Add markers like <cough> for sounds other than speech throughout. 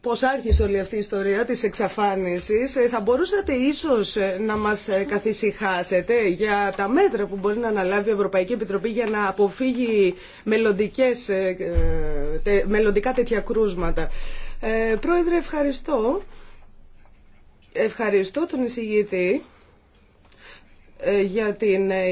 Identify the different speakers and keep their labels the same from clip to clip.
Speaker 1: πώς άρχισε όλη αυτή η ιστορία της εξαφάνισης, ε, θα μπορούσατε ίσως ε, να μας ε, καθησυχάσετε για τα μέτρα που μπορεί να αναλάβει η Ευρωπαϊκή Επιτροπή για να αποφύγει μελλοντικά τέτοια κρούσματα. πρόεδρε, ευχαριστώ. Ευχαριστώ τον εισηγητή. Ε, για την ε,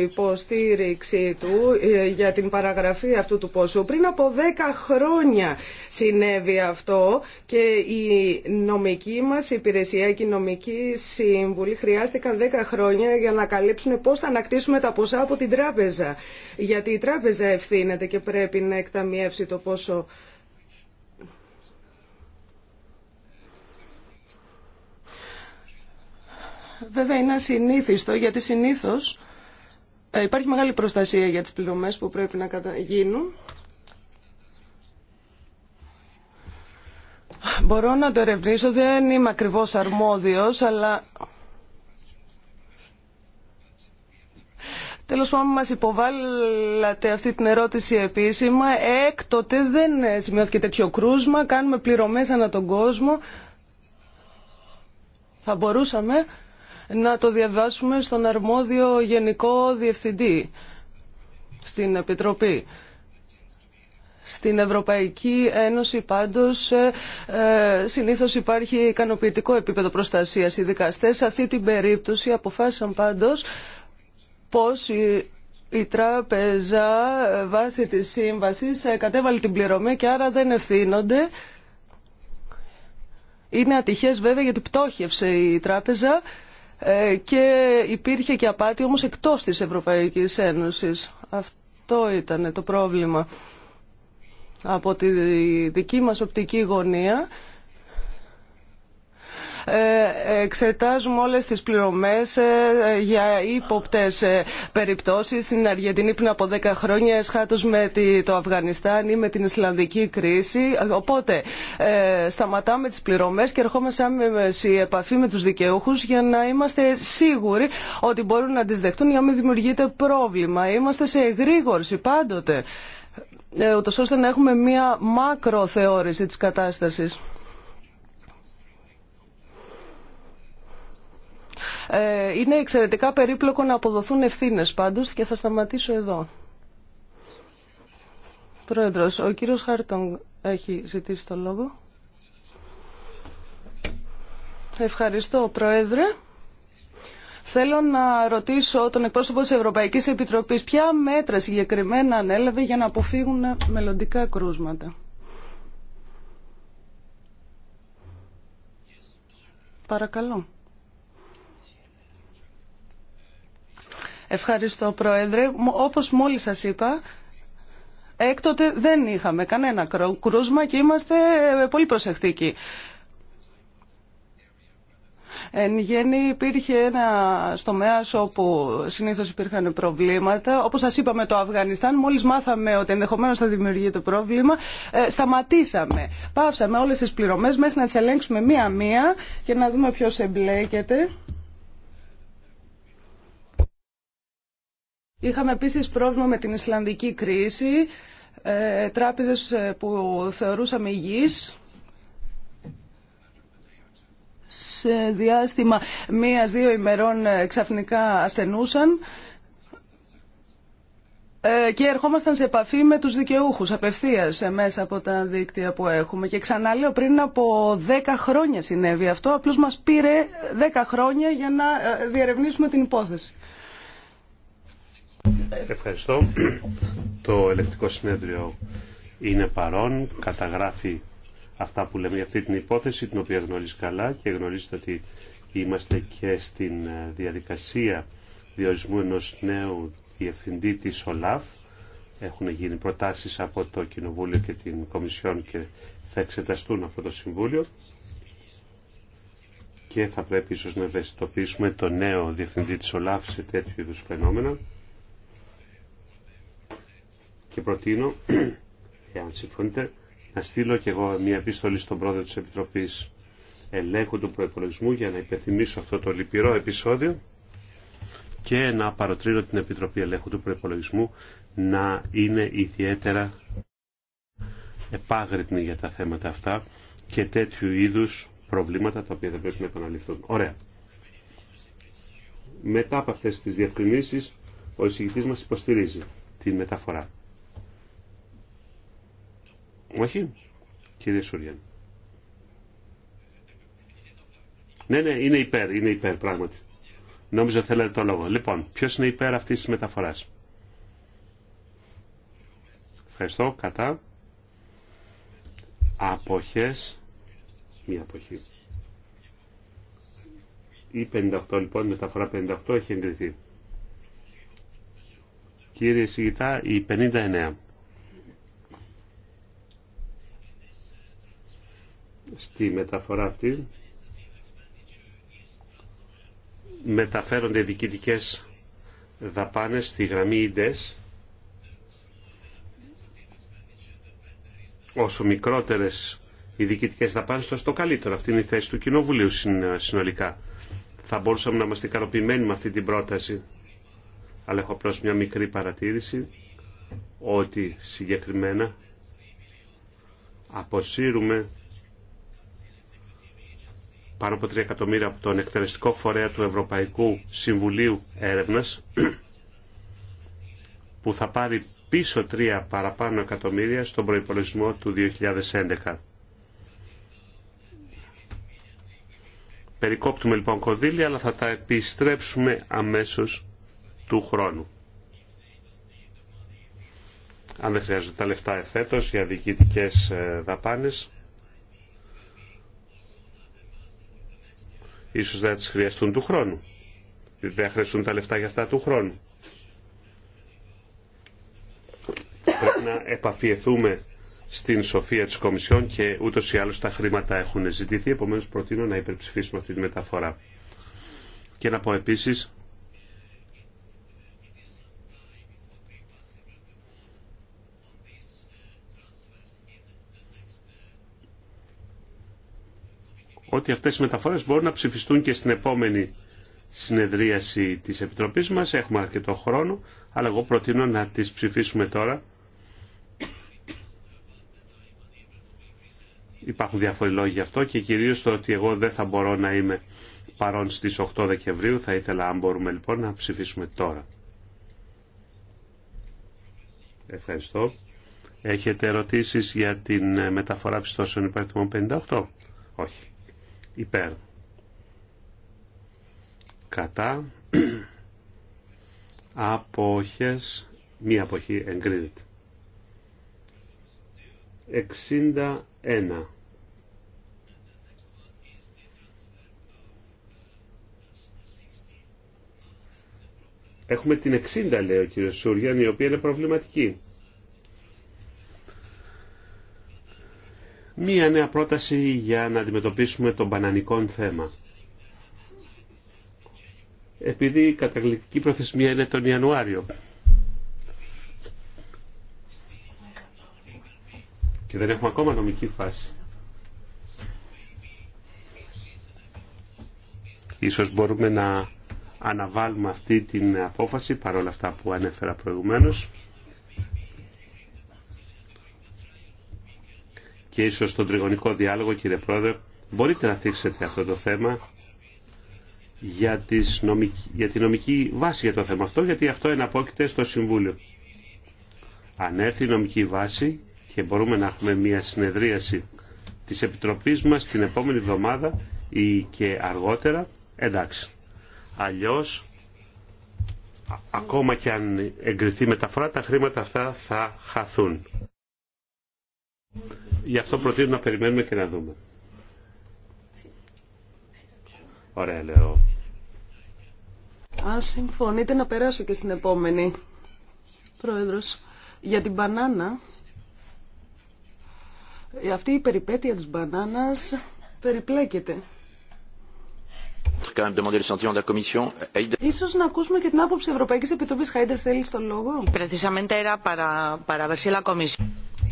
Speaker 1: υποστήριξη του, ε, για την παραγραφή αυτού του ποσού. Πριν από 10 χρόνια συνέβη αυτό και η νομική μας υπηρεσία και η νομική συμβουλή χρειάστηκαν 10 χρόνια για να καλύψουν πώς θα ανακτήσουμε τα ποσά από την τράπεζα. Γιατί η τράπεζα ευθύνεται και πρέπει να εκταμιεύσει το ποσό. Βέβαια είναι ασυνήθιστο γιατί συνήθως ε, υπάρχει μεγάλη προστασία για τις πληρωμές που πρέπει να γίνουν. Μπορώ να το ερευνήσω, δεν είμαι ακριβώς αρμόδιος, αλλά... Τέλος πάντων, μας υποβάλλατε αυτή την ερώτηση επίσημα. Έκτοτε δεν σημειώθηκε τέτοιο κρούσμα, κάνουμε πληρωμές ανά τον κόσμο. Θα μπορούσαμε να το διαβάσουμε στον αρμόδιο Γενικό Διευθυντή στην Επιτροπή. Στην Ευρωπαϊκή Ένωση πάντως ε, ε, συνήθως υπάρχει ικανοποιητικό επίπεδο προστασίας. Οι δικαστές σε αυτή την περίπτωση αποφάσισαν πάντως πως η τράπεζα ε, βάσει της σύμβασης κατέβαλε την πληρωμή και άρα δεν ευθύνονται. Είναι ατυχές βέβαια γιατί πτώχευσε η τράπεζα ε, και υπήρχε και απάτη όμως εκτός της Ευρωπαϊκής Ένωσης. Αυτό ήταν το πρόβλημα. Από τη δική μας οπτική γωνία ε, εξετάζουμε όλες τις πληρωμές ε, για ύποπτες ε, περιπτώσεις στην Αργεντινή πριν από 10 χρόνια εσχάτως με το Αφγανιστάν ή με την Ισλανδική κρίση. Οπότε σταματάμε τις πληρωμές και ερχόμαστε σε επαφή με τους δικαιούχους για να είμαστε σίγουροι ότι μπορούν να τις δεχτούν για να μην δημιουργείται πρόβλημα. Είμαστε σε εγρήγορση πάντοτε ούτως ώστε να έχουμε μία μακροθεώρηση της κατάστασης. Ε, είναι εξαιρετικά περίπλοκο να αποδοθούν ευθύνε πάντως και θα σταματήσω εδώ. Προεδρο, ο κύριος Χάρτον έχει ζητήσει το λόγο. Ευχαριστώ, Πρόεδρε. Θέλω να ρωτήσω τον εκπρόσωπο της Ευρωπαϊκής Επιτροπής ποια μέτρα συγκεκριμένα ανέλαβε για να αποφύγουν μελλοντικά κρούσματα. Παρακαλώ. Ευχαριστώ, Πρόεδρε. Όπως μόλις σας είπα, έκτοτε δεν είχαμε κανένα κρούσμα και είμαστε ε, πολύ προσεκτικοί. Εν γέννη υπήρχε ένα τομέα όπου συνήθω υπήρχαν προβλήματα. Όπω σα είπαμε το Αφγανιστάν, μόλι μάθαμε ότι ενδεχομένω θα δημιουργεί το πρόβλημα, ε, σταματήσαμε. Πάυσαμε όλε τι πληρωμέ μέχρι να τι ελέγξουμε μία-μία και να δούμε ποιο εμπλέκεται. Είχαμε επίσης πρόβλημα με την Ισλανδική κρίση, ε, τράπεζες ε, που θεωρούσαμε υγιείς σε διάστημα μίας-δύο ημερών ε, ξαφνικά ασθενούσαν και ερχόμασταν σε επαφή με τους δικαιούχους απευθείας μέσα από τα δίκτυα που έχουμε. Και ξαναλέω πριν από 10 χρόνια συνέβη αυτό, απλώς μας πήρε 10 χρόνια για να διερευνήσουμε την υπόθεση.
Speaker 2: Ευχαριστώ. Το ελεκτικό συνέδριο είναι παρόν, καταγράφει αυτά που λέμε για αυτή την υπόθεση, την οποία γνωρίζει καλά και γνωρίζετε ότι είμαστε και στην ε, διαδικασία διορισμού ενός νέου διευθυντή της ΟΛΑΦ. Έχουν γίνει προτάσεις από το Κοινοβούλιο και την Κομισιόν και θα εξεταστούν από το Συμβούλιο και θα πρέπει ίσως να ευαισθητοποιήσουμε το νέο διευθυντή της ΟΛΑΦ σε τέτοιου είδους φαινόμενα και προτείνω, <clears throat> εάν συμφωνείτε, να στείλω και εγώ μια επιστολή στον πρόεδρο της Επιτροπής Ελέγχου του Προεπολογισμού για να υπενθυμίσω αυτό το λυπηρό επεισόδιο και να παροτρύνω την Επιτροπή Ελέγχου του Προεπολογισμού να είναι ιδιαίτερα επάγρυπνη για τα θέματα αυτά και τέτοιου είδους προβλήματα τα οποία δεν πρέπει να επαναληφθούν. Ωραία. Μετά από αυτές τις διευκρινήσεις, ο εισηγητής μας υποστηρίζει τη μεταφορά. Όχι, κύριε Σουριάν. Ναι, ναι, είναι υπέρ, είναι υπέρ πράγματι. Νόμιζα θέλετε το λόγο. Λοιπόν, ποιος είναι υπέρ αυτής της μεταφοράς. Ευχαριστώ, κατά. Αποχές. Μία αποχή. Η 58 λοιπόν, η μεταφορά 58 έχει εγκριθεί. Κύριε Σιγητά, η 59. στη μεταφορά αυτή μεταφέρονται διοικητικές δαπάνες στη γραμμή ΙΝΤΕΣ όσο μικρότερες οι διοικητικές δαπάνες τόσο το καλύτερο. Αυτή είναι η θέση του Κοινοβουλίου συνολικά. Θα μπορούσαμε να είμαστε ικανοποιημένοι με αυτή την πρόταση. Αλλά έχω απλώ μια μικρή παρατήρηση ότι συγκεκριμένα αποσύρουμε πάνω από 3 εκατομμύρια από τον εκτελεστικό φορέα του Ευρωπαϊκού Συμβουλίου Έρευνας <clears throat> που θα πάρει πίσω 3 παραπάνω εκατομμύρια στον προϋπολογισμό του 2011. Περικόπτουμε λοιπόν κονδύλια αλλά θα τα επιστρέψουμε αμέσως του χρόνου. Αν δεν χρειάζονται τα λεφτά εφέτος για διοικητικές ε, δαπάνες, Ίσως δεν τις χρειαστούν του χρόνου. Δεν χρειαστούν τα λεφτά για αυτά του χρόνου. Πρέπει να επαφιεθούμε στην σοφία της Κομισιόν και ούτως ή άλλως τα χρήματα έχουν ζητηθεί, επομένως προτείνω να υπερψηφίσουμε αυτή τη μεταφορά. Και να πω επίσης ότι αυτές οι μεταφορές μπορούν να ψηφιστούν και στην επόμενη συνεδρίαση της Επιτροπής μας. Έχουμε αρκετό χρόνο, αλλά εγώ προτείνω να τις ψηφίσουμε τώρα. Υπάρχουν διάφοροι λόγοι γι' αυτό και κυρίως το ότι εγώ δεν θα μπορώ να είμαι παρόν στις 8 Δεκεμβρίου. Θα ήθελα, αν μπορούμε λοιπόν, να ψηφίσουμε τώρα. Ευχαριστώ. Έχετε ερωτήσεις για την μεταφορά πιστώσεων υπαριθμών 58. Όχι υπέρ κατά αποχές μία αποχή εγκρίνεται 61 Έχουμε την 60 λέει ο κύριος Σούργιαν η οποία είναι προβληματική μία νέα πρόταση για να αντιμετωπίσουμε τον πανανικό θέμα. Επειδή η καταγλυκτική προθεσμία είναι τον Ιανουάριο. Και δεν έχουμε ακόμα νομική φάση. Ίσως μπορούμε να αναβάλουμε αυτή την απόφαση παρόλα αυτά που ανέφερα προηγουμένως. και ίσως στον τριγωνικό διάλογο κύριε Πρόεδρε μπορείτε να θίξετε αυτό το θέμα για, τις νομική, για τη νομική βάση για το θέμα αυτό γιατί αυτό εναπόκειται στο Συμβούλιο. Αν έρθει η νομική βάση και μπορούμε να έχουμε μια συνεδρίαση της Επιτροπής μας την επόμενη εβδομάδα ή και αργότερα, εντάξει. Αλλιώς, ακόμα και αν εγκριθεί μεταφορά, τα χρήματα αυτά θα χαθούν. Γι' αυτό προτείνω να περιμένουμε και να δούμε. Ωραία, λέω.
Speaker 1: Αν συμφωνείτε να περάσω και στην επόμενη, Πρόεδρος, για την μπανάνα. Ε, αυτή η περιπέτεια της μπανάνας περιπλέκεται. Ίσως να ακούσουμε και την άποψη Ευρωπαϊκής Επιτροπής. Χάιντερ, θέλεις τον λόγο.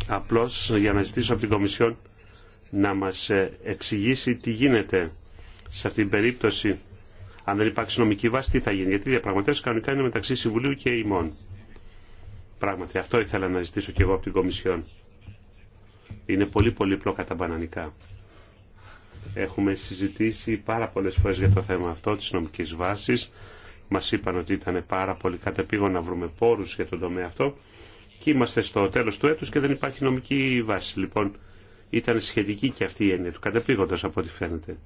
Speaker 2: Απλώς για να ζητήσω από την Κομισιόν να μας ε, εξηγήσει τι γίνεται σε αυτήν την περίπτωση. Αν δεν υπάρξει νομική βάση, τι θα γίνει. Γιατί οι διαπραγματεύσει κανονικά είναι μεταξύ Συμβουλίου και ημών. Πράγματι, αυτό ήθελα να ζητήσω και εγώ από την Κομισιόν. Είναι πολύ πολύπλοκα τα μπανανικά. Έχουμε συζητήσει πάρα πολλές φορές για το θέμα αυτό της νομικής βάσης. Μας είπαν ότι ήταν πάρα πολύ κατεπήγον να βρούμε πόρους για τον τομέα αυτό και είμαστε στο τέλος του έτους και δεν υπάρχει νομική βάση. Λοιπόν, ήταν σχετική και αυτή η έννοια του κατεπήγοντος από ό,τι φαίνεται.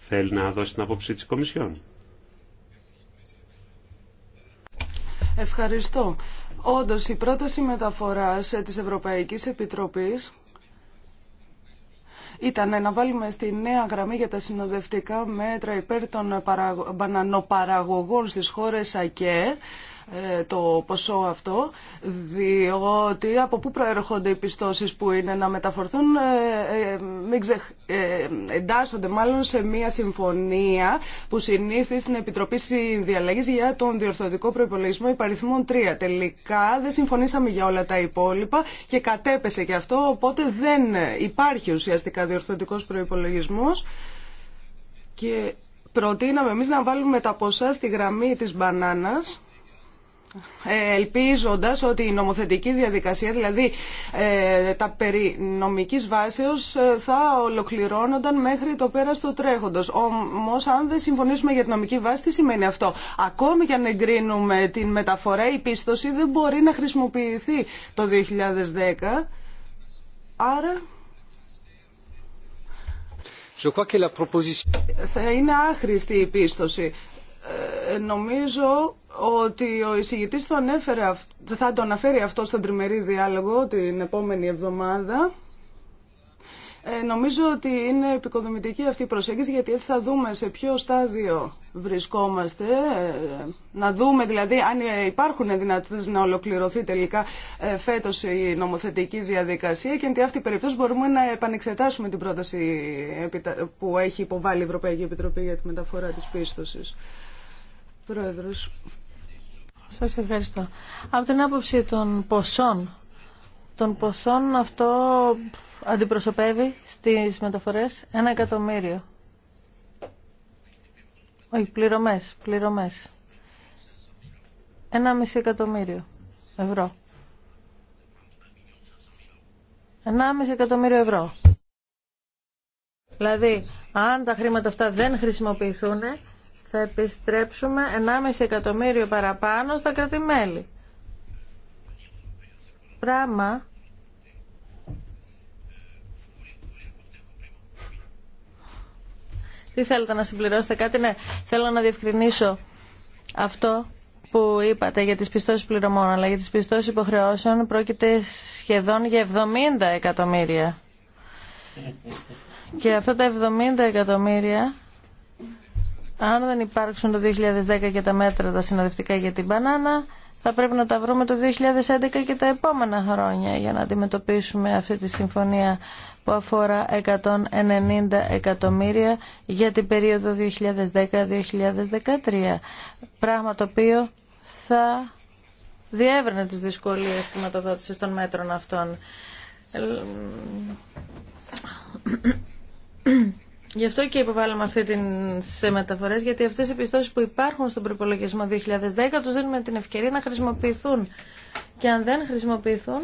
Speaker 2: Θέλει να δώσει την άποψη της Κομισιόν.
Speaker 1: Ευχαριστώ. Όντως, η πρόταση μεταφοράς της Ευρωπαϊκής Επιτροπής ήταν να βάλουμε στη νέα γραμμή για τα συνοδευτικά μέτρα υπέρ των μπανανοπαραγωγών στις χώρες ΑΚΕ ε, το ποσό αυτό, διότι από πού προέρχονται οι πιστώσεις που είναι να μεταφορθούν, ε, ε, μην ξεχ... εντάσσονται μάλλον σε μια συμφωνία που συνήθει στην Επιτροπή Συνδιαλλαγής για τον διορθωτικό προϋπολογισμό υπαριθμών 3. Τελικά δεν συμφωνήσαμε για όλα τα υπόλοιπα και κατέπεσε και αυτό, οπότε δεν υπάρχει ουσιαστικά διορθωτικός προϋπολογισμός και προτείναμε εμείς να βάλουμε τα ποσά στη γραμμή της μπανάνας ελπίζοντας ότι η νομοθετική διαδικασία, δηλαδή ε, τα περί νομικής βάσεως, ε, θα ολοκληρώνονταν μέχρι το πέρας του τρέχοντος. Όμως, αν δεν συμφωνήσουμε για την νομική βάση, τι σημαίνει αυτό. Ακόμη και αν εγκρίνουμε την μεταφορά, η πίστοση δεν μπορεί να χρησιμοποιηθεί το 2010. Άρα... Θα είναι άχρηστη η πίστοση. Ε, νομίζω ότι ο εισηγητής το ανέφερε, θα το αναφέρει αυτό στον τριμερή διάλογο την επόμενη εβδομάδα. Ε, νομίζω ότι είναι επικοδομητική αυτή η προσέγγιση γιατί έτσι θα δούμε σε ποιο στάδιο βρισκόμαστε. Ε, να δούμε δηλαδή αν υπάρχουν δυνατότητες να ολοκληρωθεί τελικά ε, φέτος η νομοθετική διαδικασία και εν η αυτή περίπτωση μπορούμε να επανεξετάσουμε την πρόταση που έχει υποβάλει η Ευρωπαϊκή Επιτροπή για τη μεταφορά της πίστοσης. Πρόεδρος, σας
Speaker 3: ευχαριστώ. Από την άποψη των ποσών, των ποσών αυτό αντιπροσωπεύει στις μεταφορές ένα εκατομμύριο. Όχι, πληρωμές, πληρωμές. Ένα μισή εκατομμύριο ευρώ. Ένα μισή εκατομμύριο ευρώ. Δηλαδή, αν τα χρήματα αυτά δεν χρησιμοποιηθούν, θα επιστρέψουμε 1,5 εκατομμύριο παραπάνω στα κρατημέλη. Πράγμα Τι θέλετε να συμπληρώσετε κάτι, ναι, θέλω να διευκρινίσω αυτό που είπατε για τις πιστώσεις πληρωμών, αλλά για τις πιστώσεις υποχρεώσεων πρόκειται σχεδόν για 70 εκατομμύρια. Και αυτά τα 70 εκατομμύρια αν δεν υπάρξουν το 2010 και τα μέτρα τα συνοδευτικά για την μπανάνα, θα πρέπει να τα βρούμε το 2011 και τα επόμενα χρόνια για να αντιμετωπίσουμε αυτή τη συμφωνία που αφορά 190 εκατομμύρια για την περίοδο 2010-2013. Πράγμα το οποίο θα διεύρυνε τις δυσκολίες χρηματοδότησης των μέτρων αυτών. Γι' αυτό και υποβάλαμε αυτή την σε μεταφορές, γιατί αυτές οι πιστώσεις που υπάρχουν στον προπολογισμό 2010 του δίνουμε την ευκαιρία να χρησιμοποιηθούν. Και αν δεν χρησιμοποιηθούν,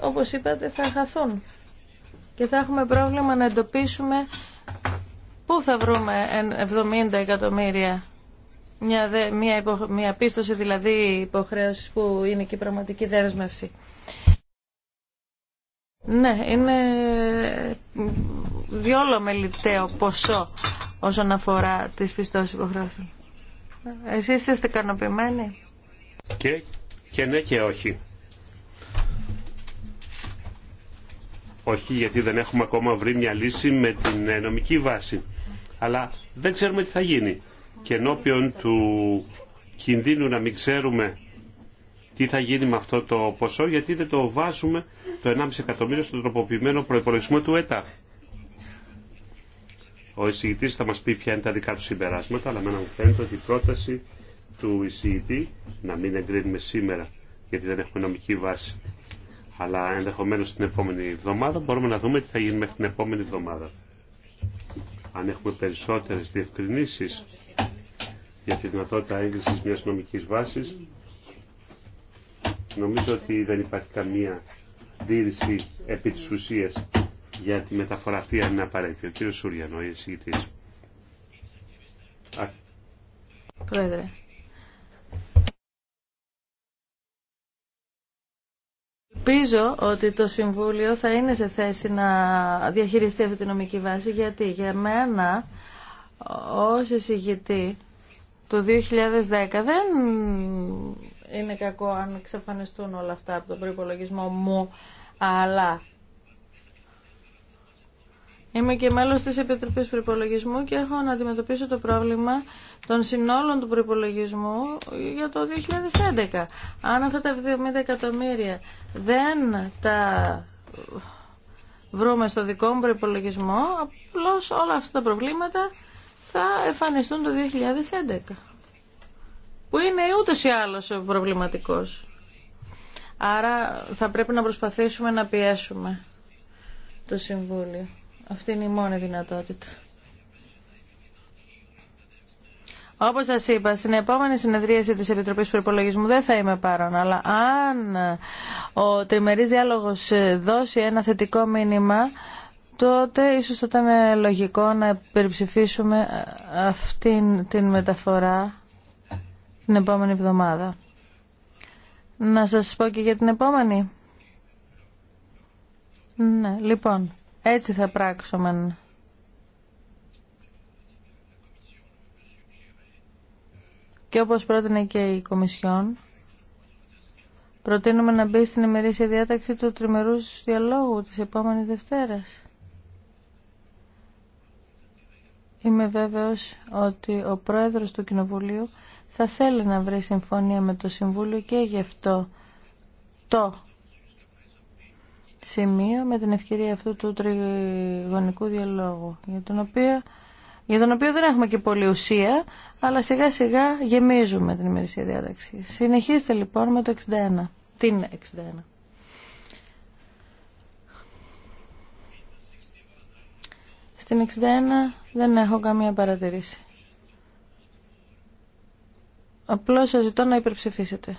Speaker 3: όπως είπατε, θα χαθούν. Και θα έχουμε πρόβλημα να εντοπίσουμε πού θα βρούμε 70 εκατομμύρια. Μια, μια, υπο, μια πίστοση δηλαδή υποχρέωση που είναι και η πραγματική δέσμευση. Ναι, είναι διόλο μελιτέο ποσό όσον αφορά τις πιστώσεις υποχρεώσεων. Εσείς είστε ικανοποιημένοι.
Speaker 2: Και, και ναι και όχι. Όχι γιατί δεν έχουμε ακόμα βρει μια λύση με την ε, νομική βάση. Αλλά δεν ξέρουμε τι θα γίνει. Και ενώπιον του κινδύνου να μην ξέρουμε τι θα γίνει με αυτό το ποσό γιατί δεν το βάζουμε το 1,5 εκατομμύριο στον τροποποιημένο προπολογισμό του ΕΤΑ. Ο εισηγητή θα μα πει ποια είναι τα δικά του συμπεράσματα, αλλά με μου φαίνεται ότι η πρόταση του εισηγητή να μην εγκρίνουμε σήμερα, γιατί δεν έχουμε νομική βάση, αλλά ενδεχομένω την επόμενη εβδομάδα μπορούμε να δούμε τι θα γίνει μέχρι την επόμενη εβδομάδα. Αν έχουμε περισσότερε διευκρινήσει για τη δυνατότητα έγκριση μια νομική βάση, νομίζω ότι δεν υπάρχει καμία δήρηση επί της ουσίας για τη μεταφορά αυτή αν είναι απαραίτητη. Ο κύριος Σούριανο, η εισηγητής.
Speaker 3: Πρόεδρε. Ελπίζω ότι το Συμβούλιο θα είναι σε θέση να διαχειριστεί αυτή τη νομική βάση, γιατί για μένα ως εισηγητή το 2010 δεν είναι κακό αν εξαφανιστούν όλα αυτά από τον προϋπολογισμό μου, αλλά Είμαι και μέλο τη Επιτροπή προπολογισμού και έχω να αντιμετωπίσω το πρόβλημα των συνόλων του προπολογισμού για το 2011. Αν αυτά τα 70 εκατομμύρια δεν τα βρούμε στο δικό μου προϋπολογισμό, απλώς όλα αυτά τα προβλήματα θα εμφανιστούν το 2011. Που είναι ούτως ή άλλως προβληματικός. Άρα θα πρέπει να προσπαθήσουμε να πιέσουμε το Συμβούλιο. Αυτή είναι η μόνη δυνατότητα. Όπως σας είπα, στην επόμενη συνεδρίαση της Επιτροπής Προπολογισμού δεν θα είμαι παρόν, αλλά αν ο τριμερής διάλογος δώσει ένα θετικό μήνυμα, τότε ίσως θα ήταν λογικό να περιψηφίσουμε αυτήν την μεταφορά την επόμενη εβδομάδα. Να σας πω και για την επόμενη. Ναι, λοιπόν. Έτσι θα πράξουμε. Και όπως πρότεινε και η Κομισιόν, προτείνουμε να μπει στην ημερήσια διάταξη του τριμερούς διαλόγου της επόμενης Δευτέρας. Είμαι βέβαιος ότι ο Πρόεδρος του Κοινοβουλίου θα θέλει να βρει συμφωνία με το Συμβούλιο και γι' αυτό το σημείο με την ευκαιρία αυτού του τριγωνικού διαλόγου για τον οποίο, για τον οποίο δεν έχουμε και πολλή ουσία αλλά σιγά σιγά γεμίζουμε την ημερησία διάταξη. Συνεχίστε λοιπόν με το 61. Την 61. Στην 61 δεν έχω καμία παρατηρήση. Απλώς σας ζητώ να υπερψηφίσετε.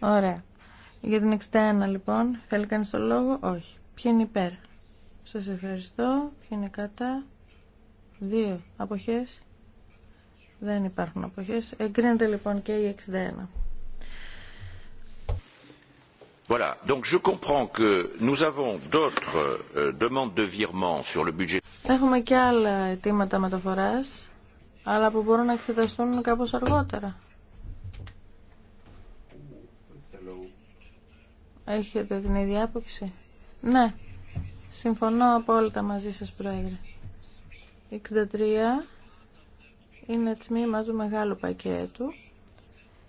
Speaker 3: Ωραία. Για την 61 λοιπόν, θέλει κανείς το λόγο, όχι. Ποιοι είναι υπέρ. Σας ευχαριστώ. Ποιοι είναι κατά. Δύο αποχές. Δεν υπάρχουν αποχές. Εγκρίνεται λοιπόν και η
Speaker 4: 61. Voilà. Donc je comprends que nous avons d'autres euh, demandes de virement sur le budget.
Speaker 3: Έχουμε και άλλα αιτήματα μεταφοράς, αλλά που μπορούν να εξεταστούν κάπως αργότερα. Έχετε την ίδια άποψη. Ναι. Συμφωνώ απόλυτα μαζί σας, Πρόεδρε. 63 είναι τμήμα του μεγάλου πακέτου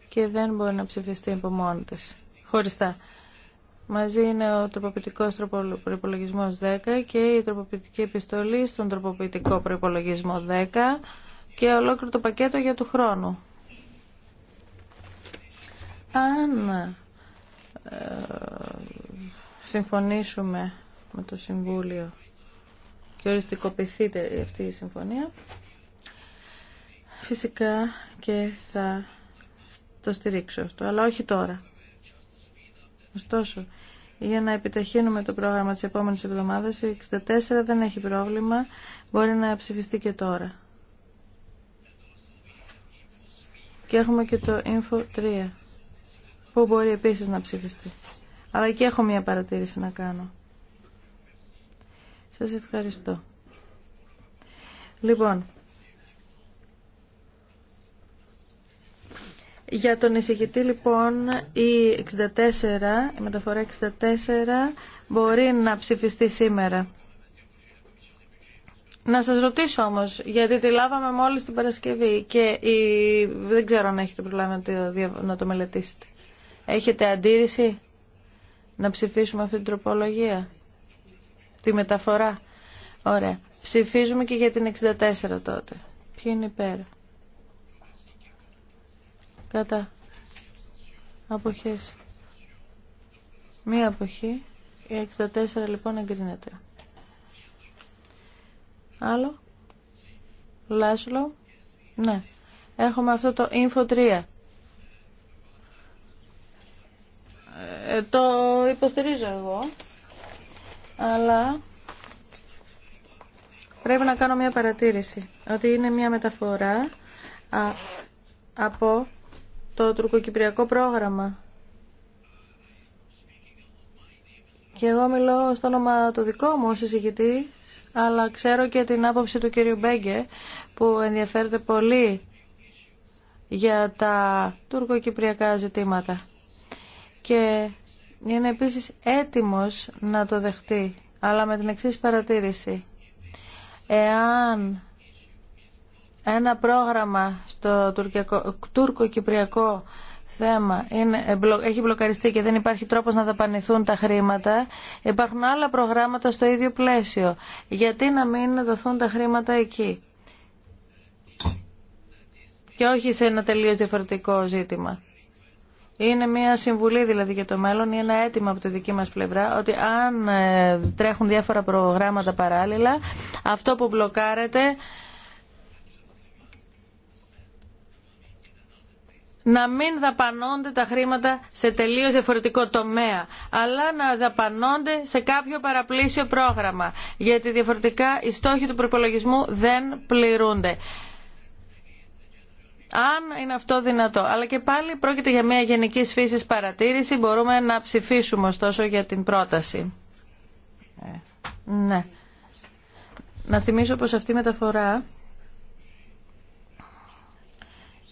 Speaker 3: και δεν μπορεί να ψηφιστεί από μόνη της. Χωριστά. Μαζί είναι ο τροποποιητικό προπολογισμό 10 και η τροποποιητική επιστολή στον τροποποιητικό προπολογισμό 10 και ολόκληρο το πακέτο για του χρόνου. Αν ε, συμφωνήσουμε με το Συμβούλιο και οριστικοποιηθείτε αυτή η συμφωνία. Φυσικά και θα το στηρίξω αυτό, αλλά όχι τώρα. Ωστόσο, για να επιταχύνουμε το πρόγραμμα της επόμενης εβδομάδας, η 64 δεν έχει πρόβλημα, μπορεί να ψηφιστεί και τώρα. Και έχουμε και το Info 3 που μπορεί επίσης να ψηφιστεί. Αλλά και έχω μια παρατήρηση να κάνω. Σας ευχαριστώ. Λοιπόν, για τον εισηγητή λοιπόν η 64, η μεταφορά 64 μπορεί να ψηφιστεί σήμερα. Να σας ρωτήσω όμως, γιατί τη λάβαμε μόλις την Παρασκευή και δεν ξέρω αν έχετε προλάβει να το, να το μελετήσετε. Έχετε αντίρρηση να ψηφίσουμε αυτή την τροπολογία, τη μεταφορά. Ωραία. Ψηφίζουμε και για την 64 τότε. Ποιοι είναι υπέρ. Κατά. Αποχές. Μία αποχή. Η 64 λοιπόν εγκρίνεται. Άλλο. Λάσλο. Ναι. Έχουμε αυτό το info 3. το υποστηρίζω εγώ, αλλά πρέπει να κάνω μια παρατήρηση, ότι είναι μια μεταφορά από το τουρκοκυπριακό πρόγραμμα. Και εγώ μιλώ στο όνομα του δικό μου ως αλλά ξέρω και την άποψη του κύριου Μπέγκε, που ενδιαφέρεται πολύ για τα τουρκοκυπριακά ζητήματα. Και είναι επίσης έτοιμος να το δεχτεί, αλλά με την εξής παρατήρηση. Εάν ένα πρόγραμμα στο τουρκο-κυπριακό θέμα είναι, έχει μπλοκαριστεί και δεν υπάρχει τρόπος να δαπανηθούν τα χρήματα, υπάρχουν άλλα προγράμματα στο ίδιο πλαίσιο. Γιατί να μην δοθούν τα χρήματα εκεί και όχι σε ένα τελείως διαφορετικό ζήτημα. Είναι μια συμβουλή δηλαδή για το μέλλον ή ένα αίτημα από τη δική μας πλευρά ότι αν ε, τρέχουν διάφορα προγράμματα παράλληλα, αυτό που μπλοκάρεται να μην δαπανώνται τα χρήματα σε τελείως διαφορετικό τομέα, αλλά να δαπανώνται σε κάποιο παραπλήσιο πρόγραμμα, γιατί διαφορετικά οι στόχοι του προπολογισμού δεν πληρούνται αν είναι αυτό δυνατό. Αλλά και πάλι πρόκειται για μια γενική φύση παρατήρηση. Μπορούμε να ψηφίσουμε ωστόσο για την πρόταση. Ε, ναι. Να θυμίσω πως αυτή η μεταφορά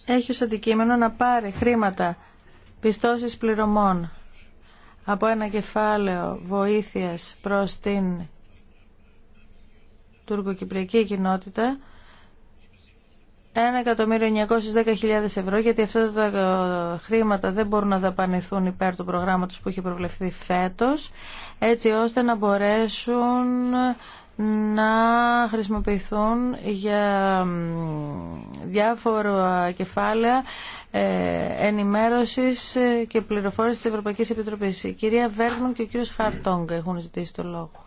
Speaker 3: έχει ως αντικείμενο να πάρει χρήματα πιστώσεις πληρωμών από ένα κεφάλαιο βοήθειας προς την τουρκοκυπριακή κοινότητα 1.910.000 ευρώ γιατί αυτά τα χρήματα δεν μπορούν να δαπανηθούν υπέρ του προγράμματος που είχε προβλεφθεί φέτος έτσι ώστε να μπορέσουν να χρησιμοποιηθούν για διάφορα κεφάλαια ε, ενημέρωσης και πληροφόρησης της Ευρωπαϊκής Επιτροπής. Η κυρία Βέρμαν και ο κύριος Χαρτόγκ έχουν ζητήσει το λόγο.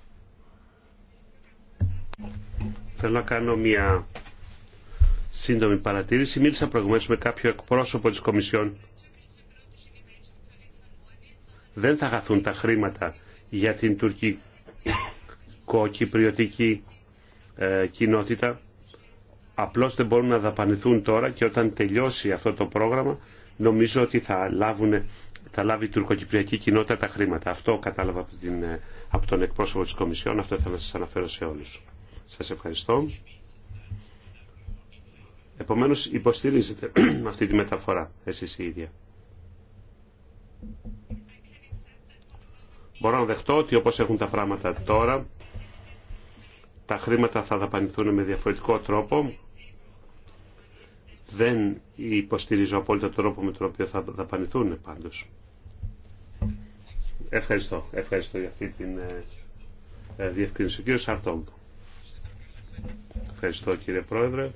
Speaker 2: Θέλω να κάνω μια σύντομη παρατήρηση. Μίλησα προηγουμένως με κάποιο εκπρόσωπο της Κομισιόν. Δεν θα χαθούν τα χρήματα για την τουρκικο-κυπριωτική ε, κοινότητα. Απλώς δεν μπορούν να δαπανηθούν τώρα και όταν τελειώσει αυτό το πρόγραμμα νομίζω ότι θα, λάβουν, θα λάβει η τουρκοκυπριακή κοινότητα τα χρήματα. Αυτό κατάλαβα από, την, ε, τον εκπρόσωπο της Κομισιόν. Αυτό ήθελα να σας αναφέρω σε όλους. Σας ευχαριστώ. Επομένως υποστηρίζετε <clears throat> αυτή τη μεταφορά εσείς η ίδια. Μπορώ να δεχτώ ότι όπως έχουν τα πράγματα τώρα, τα χρήματα θα δαπανηθούν με διαφορετικό τρόπο. Δεν υποστηρίζω απόλυτα τον τρόπο με τον οποίο θα δαπανηθούν πάντως. Ευχαριστώ. Ευχαριστώ για αυτή την ε, ε, διευκρίνηση. Κύριο Σαρτόμπ. Ευχαριστώ κύριε Πρόεδρε.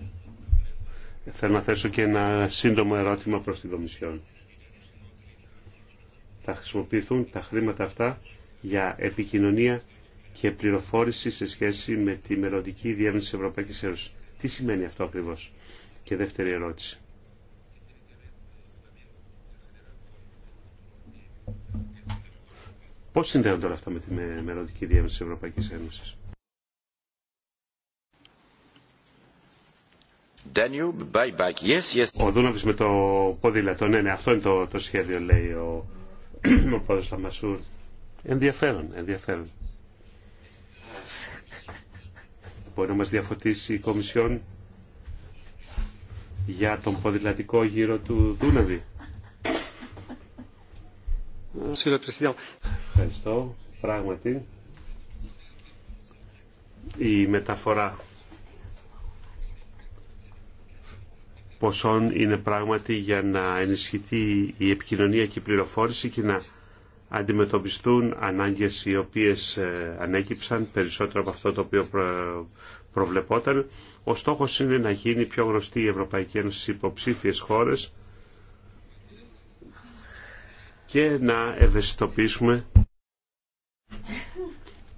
Speaker 2: Θέλω να θέσω και ένα σύντομο ερώτημα προς την Κομισιόν. Θα χρησιμοποιηθούν τα χρήματα αυτά για επικοινωνία και πληροφόρηση σε σχέση με τη μελλοντική διεύρυνση της Ευρωπαϊκής Ένωσης. Τι σημαίνει αυτό ακριβώς. Και δεύτερη ερώτηση. Πώς συνδέονται όλα αυτά με τη μελλοντική διεύρυνση της Ευρωπαϊκής Ένωσης. Ο Δούναβη με το ποδήλατο. Ναι, ναι, αυτό είναι το, το σχέδιο, λέει ο, <clears throat> ο Λαμασούρ. Ενδιαφέρον, ενδιαφέρον. Μπορεί να μα διαφωτίσει η Κομισιόν για τον ποδηλατικό γύρο του Δούναβη. Ευχαριστώ. Πράγματι, η μεταφορά ποσών είναι πράγματι για να ενισχυθεί η επικοινωνία και η πληροφόρηση και να αντιμετωπιστούν ανάγκες οι οποίες ε, ανέκυψαν περισσότερο από αυτό το οποίο προβλεπόταν. Ο στόχος είναι να γίνει πιο γνωστή η Ευρωπαϊκή Ένωση στις υποψήφιες χώρες και να ευαισθητοποιήσουμε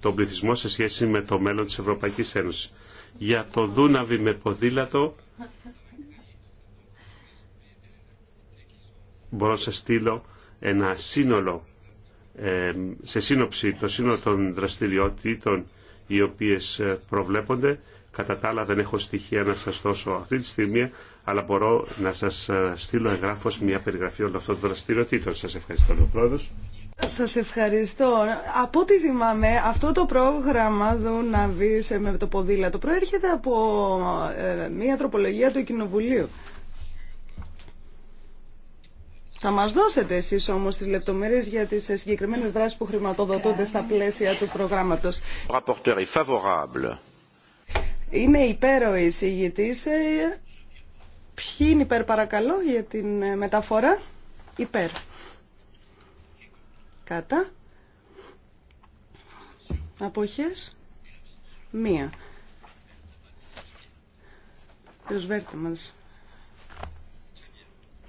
Speaker 2: τον πληθυσμό σε σχέση με το μέλλον της Ευρωπαϊκής Ένωσης. Για το Δούναβι με ποδήλατο μπορώ να σας στείλω ένα σύνολο, ε, σε σύνοψη το σύνολο των δραστηριοτήτων οι οποίες ε, προβλέπονται. Κατά τα άλλα δεν έχω στοιχεία να σας δώσω αυτή τη στιγμή, αλλά μπορώ να σας ε, στείλω εγγράφως μια περιγραφή όλων αυτών των δραστηριοτήτων. Σας ευχαριστώ, Πρόεδρος.
Speaker 1: Σας ευχαριστώ. Από ό,τι θυμάμαι, αυτό το πρόγραμμα Δούναβης με το ποδήλατο προέρχεται από μια τροπολογία του Κοινοβουλίου. Θα μας δώσετε εσείς όμως τις λεπτομέρειες για τις συγκεκριμένες δράσεις που χρηματοδοτούνται στα πλαίσια του προγράμματος. Είναι υπέρο η ηγητή. Ποιοι είναι υπέρ παρακαλώ για την ε, μεταφορά. Υπέρ. Κάτα. Αποχές. Μία. Ποιος βέρτε μας.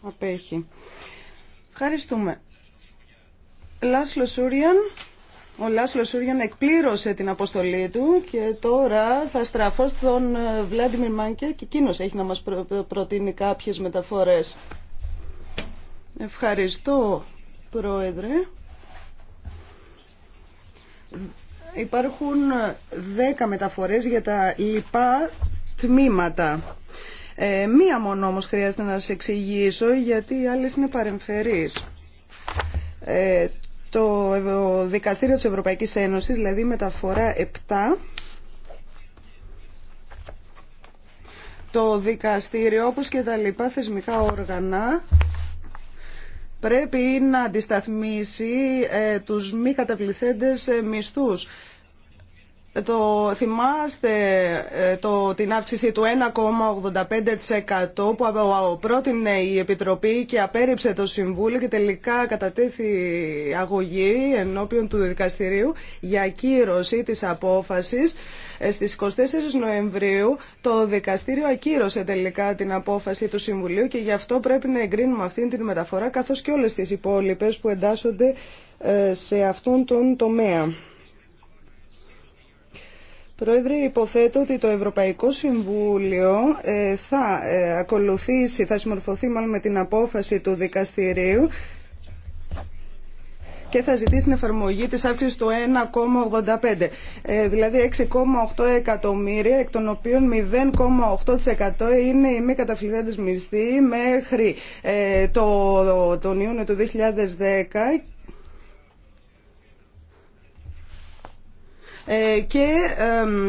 Speaker 1: Απέχει. Ευχαριστούμε. Λάσλο Σούριαν. Ο Λάσλο Σούριαν εκπλήρωσε την αποστολή του και τώρα θα στραφώ στον ε, Βλάντιμιρ Μάνκε και εκείνο έχει να μας προτείνει κάποιες μεταφορές. Ευχαριστώ, Πρόεδρε. Υπάρχουν ε, δέκα μεταφορές για τα λοιπά τμήματα. Ε, μία μόνο όμως χρειάζεται να σας εξηγήσω γιατί οι άλλες είναι παρεμφερείς. Ε, το Δικαστήριο της Ευρωπαϊκής Ένωσης, δηλαδή μεταφορά 7, το δικαστήριο όπως και τα λοιπά θεσμικά όργανα πρέπει να αντισταθμίσει ε, τους μη καταβληθέντες ε, μισθούς. Το θυμάστε ε, το, την αύξηση του 1,85% που πρότεινε η Επιτροπή και απέριψε το Συμβούλιο και τελικά κατατέθη αγωγή ενώπιον του δικαστηρίου για κύρωση της απόφασης. Ε, στις 24 Νοεμβρίου το δικαστήριο ακύρωσε τελικά την απόφαση του Συμβουλίου και γι' αυτό πρέπει να εγκρίνουμε αυτήν την μεταφορά καθώς και όλες τις υπόλοιπες που εντάσσονται ε, σε αυτόν τον τομέα. Πρόεδρε, υποθέτω ότι το Ευρωπαϊκό Συμβούλιο ε, θα ε, ακολουθήσει, θα συμμορφωθεί μάλλον με την απόφαση του δικαστηρίου και θα ζητήσει την εφαρμογή της αύξησης του 1,85, ε, δηλαδή 6,8 εκατομμύρια, εκ των οποίων 0,8% είναι οι μη καταφυγέντες μισθοί μέχρι το, τον Ιούνιο του 2010 Ε, και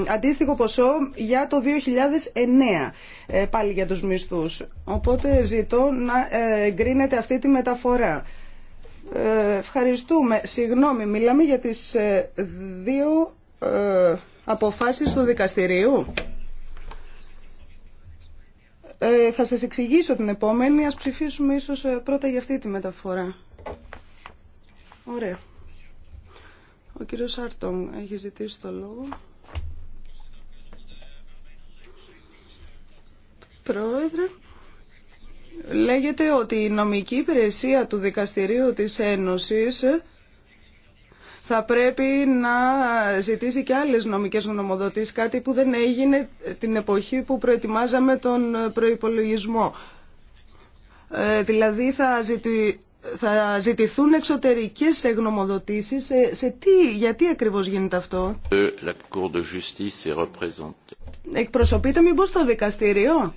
Speaker 1: αντίστοιχο ποσό για το 2009 ε, πάλι για τους μισθούς. Οπότε ζητώ να ε, εγκρίνετε αυτή τη μεταφορά. Ευχαριστούμε. Συγγνώμη, μιλάμε για τις δύο αποφάσεις του δικαστηρίου. θα σας εξηγήσω την επόμενη. Ας ψηφίσουμε ίσως πρώτα για αυτή τη μεταφορά. Ωραία. Ο κύριος Αρτόν έχει ζητήσει το λόγο. Πρόεδρε, λέγεται ότι η νομική υπηρεσία του Δικαστηρίου της Ένωσης θα πρέπει να ζητήσει και άλλες νομικές γνωμοδοτήσεις, κάτι που δεν έγινε την εποχή που προετοιμάζαμε τον προϋπολογισμό. Ε, δηλαδή θα, ζητή, θα ζητηθούν εξωτερικές εγγνωμοδοτήσεις. Σε, τι, γιατί ακριβώς γίνεται αυτό.
Speaker 4: Ε, la Cour de
Speaker 1: Εκπροσωπείτε μήπως το δικαστήριο.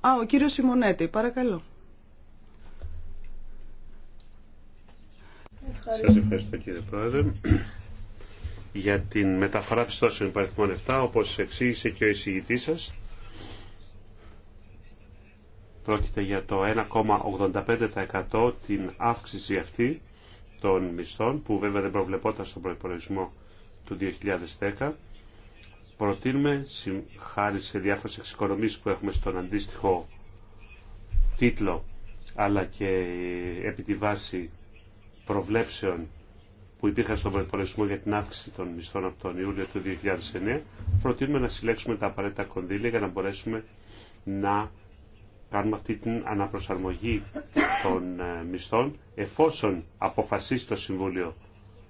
Speaker 1: Α, ο κύριος Σιμονέτη, παρακαλώ.
Speaker 2: Σα Σας ευχαριστώ κύριε Πρόεδρε για την μεταφορά πιστώσεων υπαριθμών 7 όπως εξήγησε και ο εισηγητής σας Πρόκειται για το 1,85% την αύξηση αυτή των μισθών που βέβαια δεν προβλεπόταν στον προϋπολογισμό του 2010. Προτείνουμε, χάρη σε διάφορες εξοικονομήσεις που έχουμε στον αντίστοιχο τίτλο αλλά και επί τη βάση προβλέψεων που υπήρχαν στον προπολογισμό για την αύξηση των μισθών από τον Ιούλιο του 2009, προτείνουμε να συλλέξουμε τα απαραίτητα κονδύλια για να μπορέσουμε να κάνουμε αυτή την αναπροσαρμογή των ε, μισθών εφόσον αποφασίσει το Συμβούλιο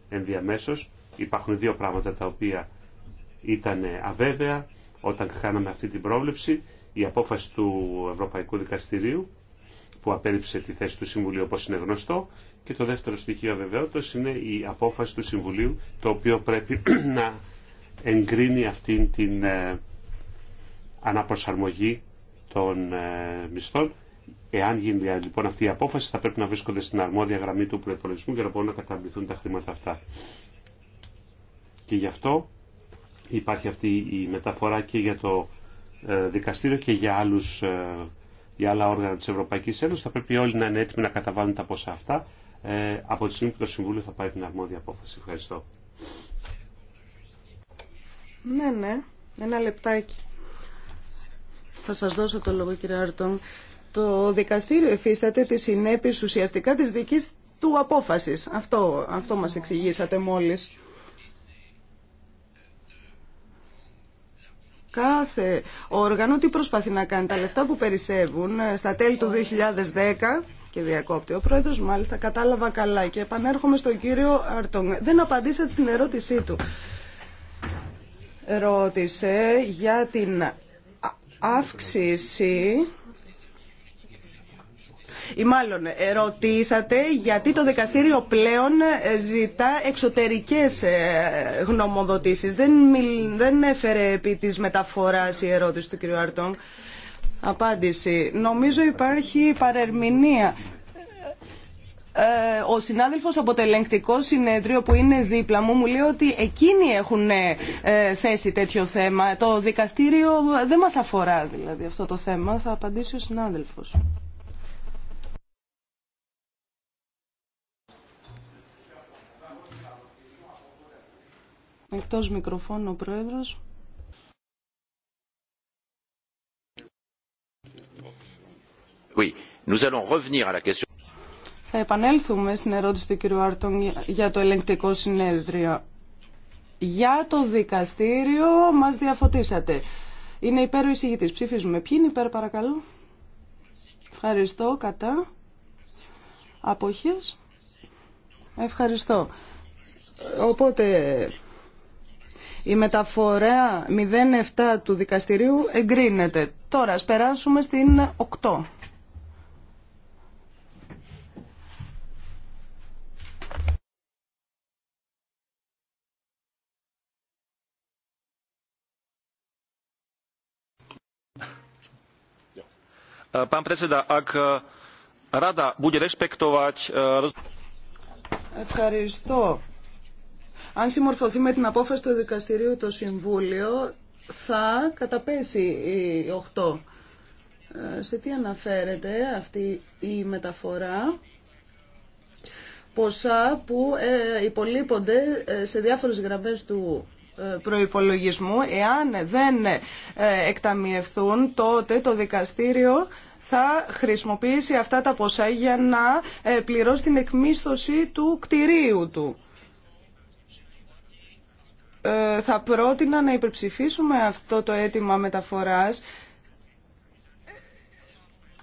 Speaker 2: ενδιαμέσως. Υπάρχουν δύο πράγματα τα οποία ήταν αβέβαια όταν κάναμε αυτή την πρόβλεψη. Η απόφαση του Ευρωπαϊκού Δικαστηρίου που απέριψε τη θέση του Συμβουλίου όπως είναι γνωστό και το δεύτερο στοιχείο αβεβαιότητας είναι η απόφαση του Συμβουλίου το οποίο πρέπει <clears throat> να εγκρίνει αυτή την ε, αναπροσαρμογή των ε, μισθών. Εάν γίνει δηλαδή, λοιπόν αυτή η απόφαση, θα πρέπει να βρίσκονται στην αρμόδια γραμμή του προπολογισμού για να μπορούν να καταβληθούν τα χρήματα αυτά. Και γι' αυτό υπάρχει αυτή η μεταφορά και για το ε, δικαστήριο και για, άλλους, ε, για άλλα όργανα της Ευρωπαϊκής Ένωσης. Θα πρέπει όλοι να είναι έτοιμοι να καταβάλουν τα ποσά αυτά. Ε, από τη στιγμή που το Συμβούλιο θα πάρει την αρμόδια απόφαση. Ευχαριστώ.
Speaker 1: Ναι, ναι. Ένα λεπτάκι. Θα σας δώσω το λόγο κύριε Άρτον. Το δικαστήριο εφίσταται τη συνέπειες ουσιαστικά της δικής του απόφασης. Αυτό, αυτό μας εξηγήσατε μόλις. Κάθε όργανο τι προσπαθεί να κάνει τα λεφτά που περισσεύουν ε, στα τέλη του 2010 και διακόπτει ο πρόεδρος μάλιστα κατάλαβα καλά και επανέρχομαι στον κύριο Άρτον. Δεν απαντήσατε στην ερώτησή του ρώτησε για την αύξηση ή μάλλον ρωτήσατε γιατί το δικαστήριο πλέον ε, ζητά εξωτερικές ε, γνωμοδοτήσεις. Δεν, δεν έφερε επί της μεταφοράς η ερώτηση του κ. Αρτών. Απάντηση. Νομίζω υπάρχει παρερμηνία ε, ο συνάδελφος από το ελεγκτικό συνέδριο που είναι δίπλα μου μου λέει ότι εκείνοι έχουν ε, ε, θέσει τέτοιο θέμα. Το δικαστήριο δεν μας αφορά δηλαδή αυτό το θέμα. Θα απαντήσει ο συνάδελφος. Εκτός μικροφώνου ο Πρόεδρος.
Speaker 4: Oui. Nous allons revenir à la question.
Speaker 1: Θα επανέλθουμε στην ερώτηση του κ. Άρτον για το ελεγκτικό συνέδριο. Για το δικαστήριο μας διαφωτίσατε. Είναι υπέρ ο εισηγητής. Ψηφίζουμε. Ποιοι είναι υπέρ παρακαλώ. Ευχαριστώ. Κατά. Αποχές. Ευχαριστώ. Οπότε η μεταφορά 07 του δικαστηρίου εγκρίνεται. Τώρα ας περάσουμε στην 8.
Speaker 2: pán eh, eh,
Speaker 1: Ευχαριστώ. Αν συμμορφωθεί με την απόφαση του δικαστηρίου το Συμβούλιο, θα καταπέσει η 8. Ε, σε τι αναφέρεται αυτή η μεταφορά ποσά που ε, υπολείπονται ε, σε διάφορες γραμμές του προϋπολογισμού. Εάν δεν ε, εκταμιευθούν, τότε το δικαστήριο θα χρησιμοποιήσει αυτά τα ποσά για να ε, πληρώσει την εκμίσθωση του κτηρίου του. Ε, θα πρότεινα να υπερψηφίσουμε αυτό το αίτημα μεταφοράς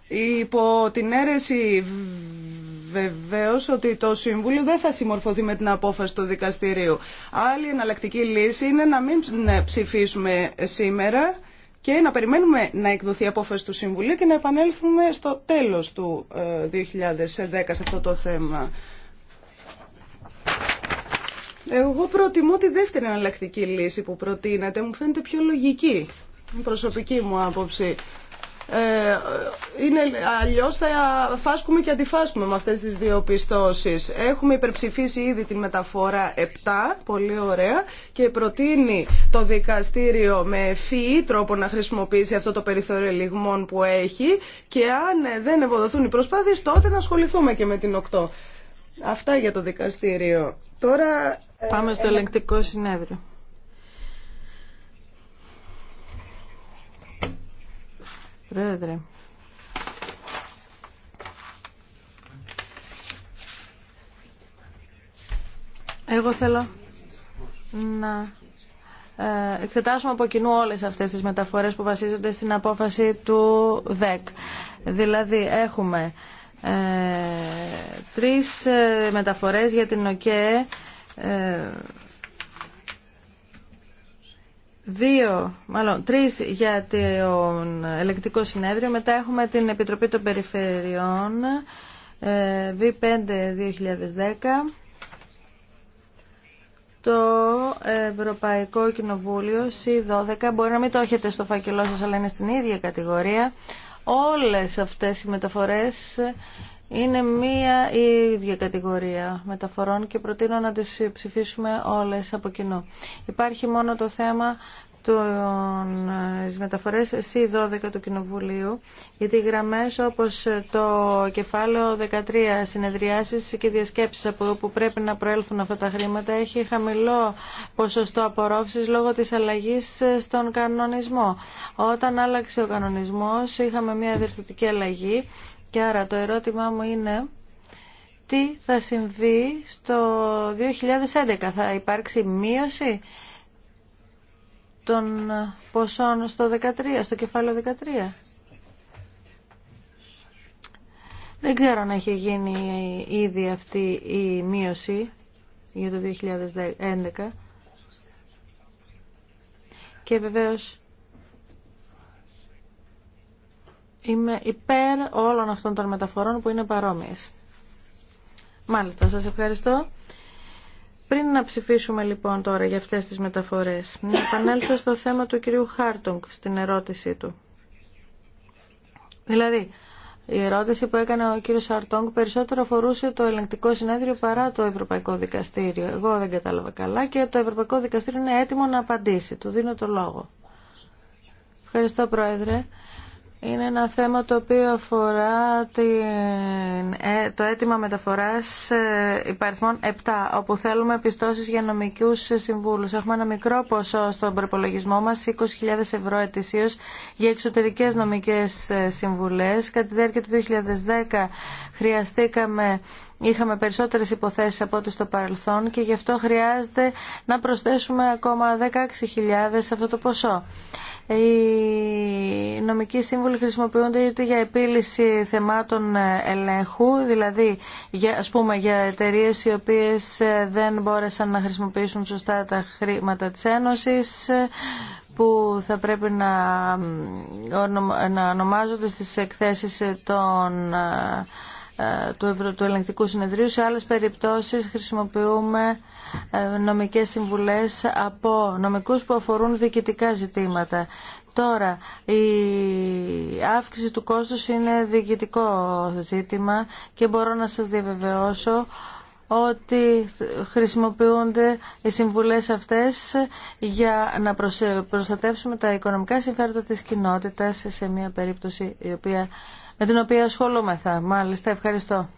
Speaker 1: υπό την αίρεση βεβαίω ότι το Συμβούλιο δεν θα συμμορφωθεί με την απόφαση του δικαστηρίου. Άλλη εναλλακτική λύση είναι να μην ναι, ψηφίσουμε σήμερα και να περιμένουμε να εκδοθεί η απόφαση του Συμβουλίου και να επανέλθουμε στο τέλος του 2010 ε, σε αυτό το θέμα. Εγώ προτιμώ τη δεύτερη εναλλακτική λύση που προτείνατε. Μου φαίνεται πιο λογική. προσωπική μου άποψη. Ε, είναι, αλλιώς θα φάσκουμε και αντιφάσκουμε με αυτές τις δύο πιστώσεις. Έχουμε υπερψηφίσει ήδη την μεταφορά 7, πολύ ωραία, και προτείνει το δικαστήριο με φυή τρόπο να χρησιμοποιήσει αυτό το περιθώριο λιγμών που έχει και αν δεν ευοδοθούν οι προσπάθειες τότε να ασχοληθούμε και με την 8. Αυτά για το δικαστήριο. Τώρα, ε, Πάμε στο ελεγκτικό συνέδριο. Πρόεδρε.
Speaker 3: Εγώ θέλω να ε, εξετάσουμε από κοινού όλες αυτές τις μεταφορές που βασίζονται στην απόφαση του ΔΕΚ. Δηλαδή έχουμε ε, τρεις ε, μεταφορές για την ΟΚΕ ε, δύο, μάλλον τρεις για το ελεκτικό συνέδριο. Μετά έχουμε την Επιτροπή των Περιφερειών, V5 ε, 2010. Το Ευρωπαϊκό Κοινοβούλιο, C12, μπορεί να μην το έχετε στο φακελό σας, αλλά είναι στην ίδια κατηγορία. Όλες αυτές οι μεταφορές είναι μία ή ίδια κατηγορία μεταφορών και προτείνω να τις ψηφίσουμε όλες από κοινό. Υπάρχει μόνο το θέμα των ε, μεταφορές C12 του Κοινοβουλίου γιατί οι γραμμές όπως το κεφάλαιο 13 συνεδριάσεις και διασκέψεις από όπου πρέπει να προέλθουν αυτά τα χρήματα έχει χαμηλό ποσοστό απορρόφησης λόγω της αλλαγής στον κανονισμό. Όταν άλλαξε ο κανονισμός είχαμε μια διευθυντική αλλαγή και άρα το ερώτημά μου είναι τι θα συμβεί στο 2011. Θα υπάρξει μείωση των ποσών στο, 13, στο κεφάλαιο 13. Δεν ξέρω αν έχει γίνει ήδη αυτή η μείωση για το 2011. Και βεβαίως είμαι υπέρ όλων αυτών των μεταφορών που είναι παρόμοιες. Μάλιστα, σας ευχαριστώ. Πριν να ψηφίσουμε λοιπόν τώρα για αυτές τις μεταφορές, να επανέλθω στο θέμα του κυρίου Χάρτονγκ στην ερώτησή του. Δηλαδή, η ερώτηση που έκανε ο κύριος Χάρτονγκ περισσότερο αφορούσε το ελεγκτικό συνέδριο παρά το Ευρωπαϊκό Δικαστήριο. Εγώ δεν κατάλαβα καλά και το Ευρωπαϊκό Δικαστήριο είναι έτοιμο να απαντήσει. Του δίνω το λόγο. Ευχαριστώ Πρόεδρε. Είναι ένα θέμα το οποίο αφορά την, ε, το αίτημα μεταφοράς ε, υπαριθμών 7, όπου θέλουμε πιστώσεις για νομικούς συμβούλους. Έχουμε ένα μικρό ποσό στον προπολογισμό μας, 20.000 ευρώ ετησίως, για εξωτερικές νομικές ε, συμβουλές. Κατά τη διάρκεια του 2010 χρειαστήκαμε Είχαμε περισσότερες υποθέσεις από ό,τι στο παρελθόν και γι' αυτό χρειάζεται να προσθέσουμε ακόμα 16.000 σε αυτό το ποσό. Οι νομικοί σύμβουλοι χρησιμοποιούνται είτε για επίλυση θεμάτων ελέγχου, δηλαδή για, ας πούμε για εταιρείε οι οποίες ε, δεν μπόρεσαν να χρησιμοποιήσουν σωστά τα χρήματα της Ένωσης, ε, που θα πρέπει να, να ονομάζονται στις εκθέσεις ε, των ε, του, του ελεγκτικού συνεδρίου. Σε άλλες περιπτώσεις χρησιμοποιούμε ε, νομικές συμβουλές από νομικούς που αφορούν διοικητικά ζητήματα. Τώρα, η αύξηση του κόστους είναι διοικητικό ζήτημα και μπορώ να σας διαβεβαιώσω ότι χρησιμοποιούνται οι συμβουλές αυτές για να προστατεύσουμε τα οικονομικά συμφέροντα της κοινότητας σε μια περίπτωση η οποία, με την οποία ασχολούμεθα. Μάλιστα, ευχαριστώ.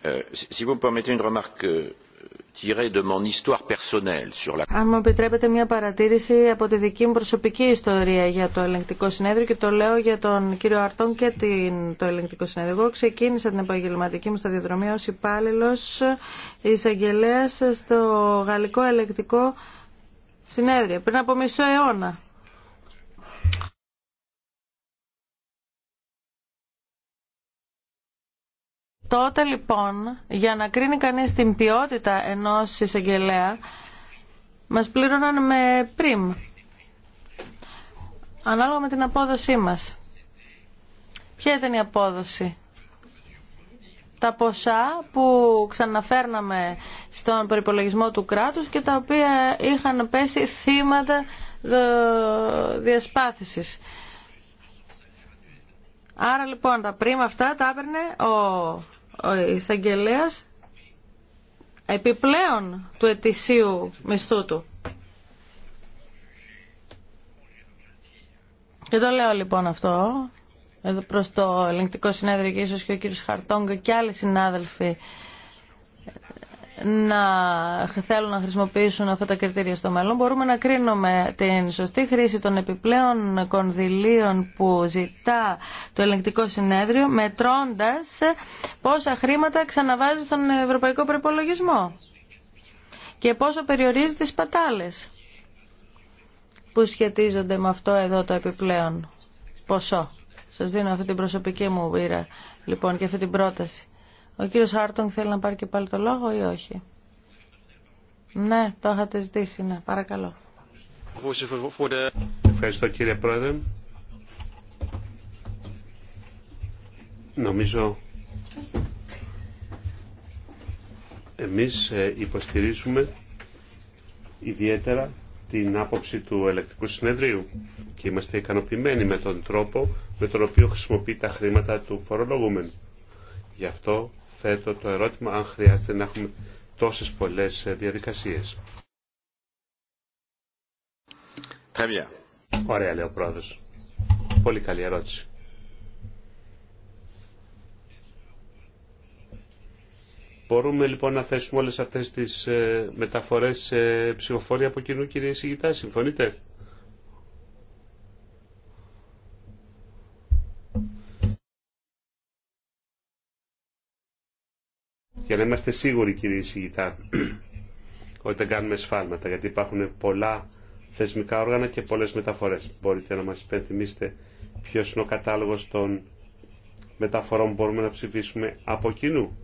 Speaker 4: Ε, si vous permettez une remarque euh,
Speaker 3: αν μου επιτρέπετε μια παρατήρηση από τη δική μου προσωπική ιστορία για το ελεγκτικό συνέδριο και το λέω για τον κύριο Αρτών και το ελεγκτικό συνέδριο. Εγώ ξεκίνησα την επαγγελματική μου σταδιοδρομία ως υπάλληλο εισαγγελέα στο γαλλικό ελεγκτικό συνέδριο πριν από μισό αιώνα. Τότε λοιπόν, για να κρίνει κανείς την ποιότητα ενός εισαγγελέα, μας πλήρωναν με πριμ, ανάλογα με την απόδοσή μας. Ποια ήταν η απόδοση. Τα ποσά που ξαναφέρναμε στον προπολογισμό του κράτους και τα οποία είχαν πέσει θύματα διασπάθησης. Άρα λοιπόν τα πρίμα αυτά τα έπαιρνε ο εισαγγελέα επιπλέον του ετησίου μισθού του. Και το λέω λοιπόν αυτό εδώ προς το ελεγκτικό συνέδριο και ίσως και ο κύριος Χαρτόγκο και άλλοι συνάδελφοι να θέλουν να χρησιμοποιήσουν αυτά τα κριτήρια στο μέλλον. Μπορούμε να κρίνουμε την σωστή χρήση των επιπλέον κονδυλίων που ζητά το ελεγκτικό συνέδριο μετρώντας πόσα χρήματα ξαναβάζει στον ευρωπαϊκό προπολογισμό και πόσο περιορίζει τις πατάλες που σχετίζονται με αυτό εδώ το επιπλέον ποσό. Σας δίνω αυτή την προσωπική μου βήρα λοιπόν και αυτή την πρόταση. Ο κύριος Άρτον θέλει να πάρει και πάλι το λόγο ή όχι. Ναι, το είχατε ζητήσει, ναι, παρακαλώ.
Speaker 2: Ευχαριστώ κύριε Πρόεδρε. Νομίζω εμείς ε, υποστηρίζουμε ιδιαίτερα την άποψη του ελεκτικού συνεδρίου και είμαστε ικανοποιημένοι με τον τρόπο με τον οποίο χρησιμοποιεί τα χρήματα του φορολογούμενου. Γι' αυτό θέτω το ερώτημα αν χρειάζεται να έχουμε τόσες πολλές ε, διαδικασίες. Ωραία, λέει ο πρόεδρος. Πολύ καλή ερώτηση. Μπορούμε λοιπόν να θέσουμε όλες αυτές τις ε, μεταφορές σε ψηφοφορία από κοινού, κύριε Σιγητά, συμφωνείτε. για να είμαστε σίγουροι κύριε Σιγητά ότι δεν κάνουμε σφάλματα γιατί υπάρχουν πολλά θεσμικά όργανα και πολλές μεταφορές. Μπορείτε να μας υπενθυμίσετε ποιο είναι ο κατάλογος των μεταφορών που μπορούμε να ψηφίσουμε από κοινού.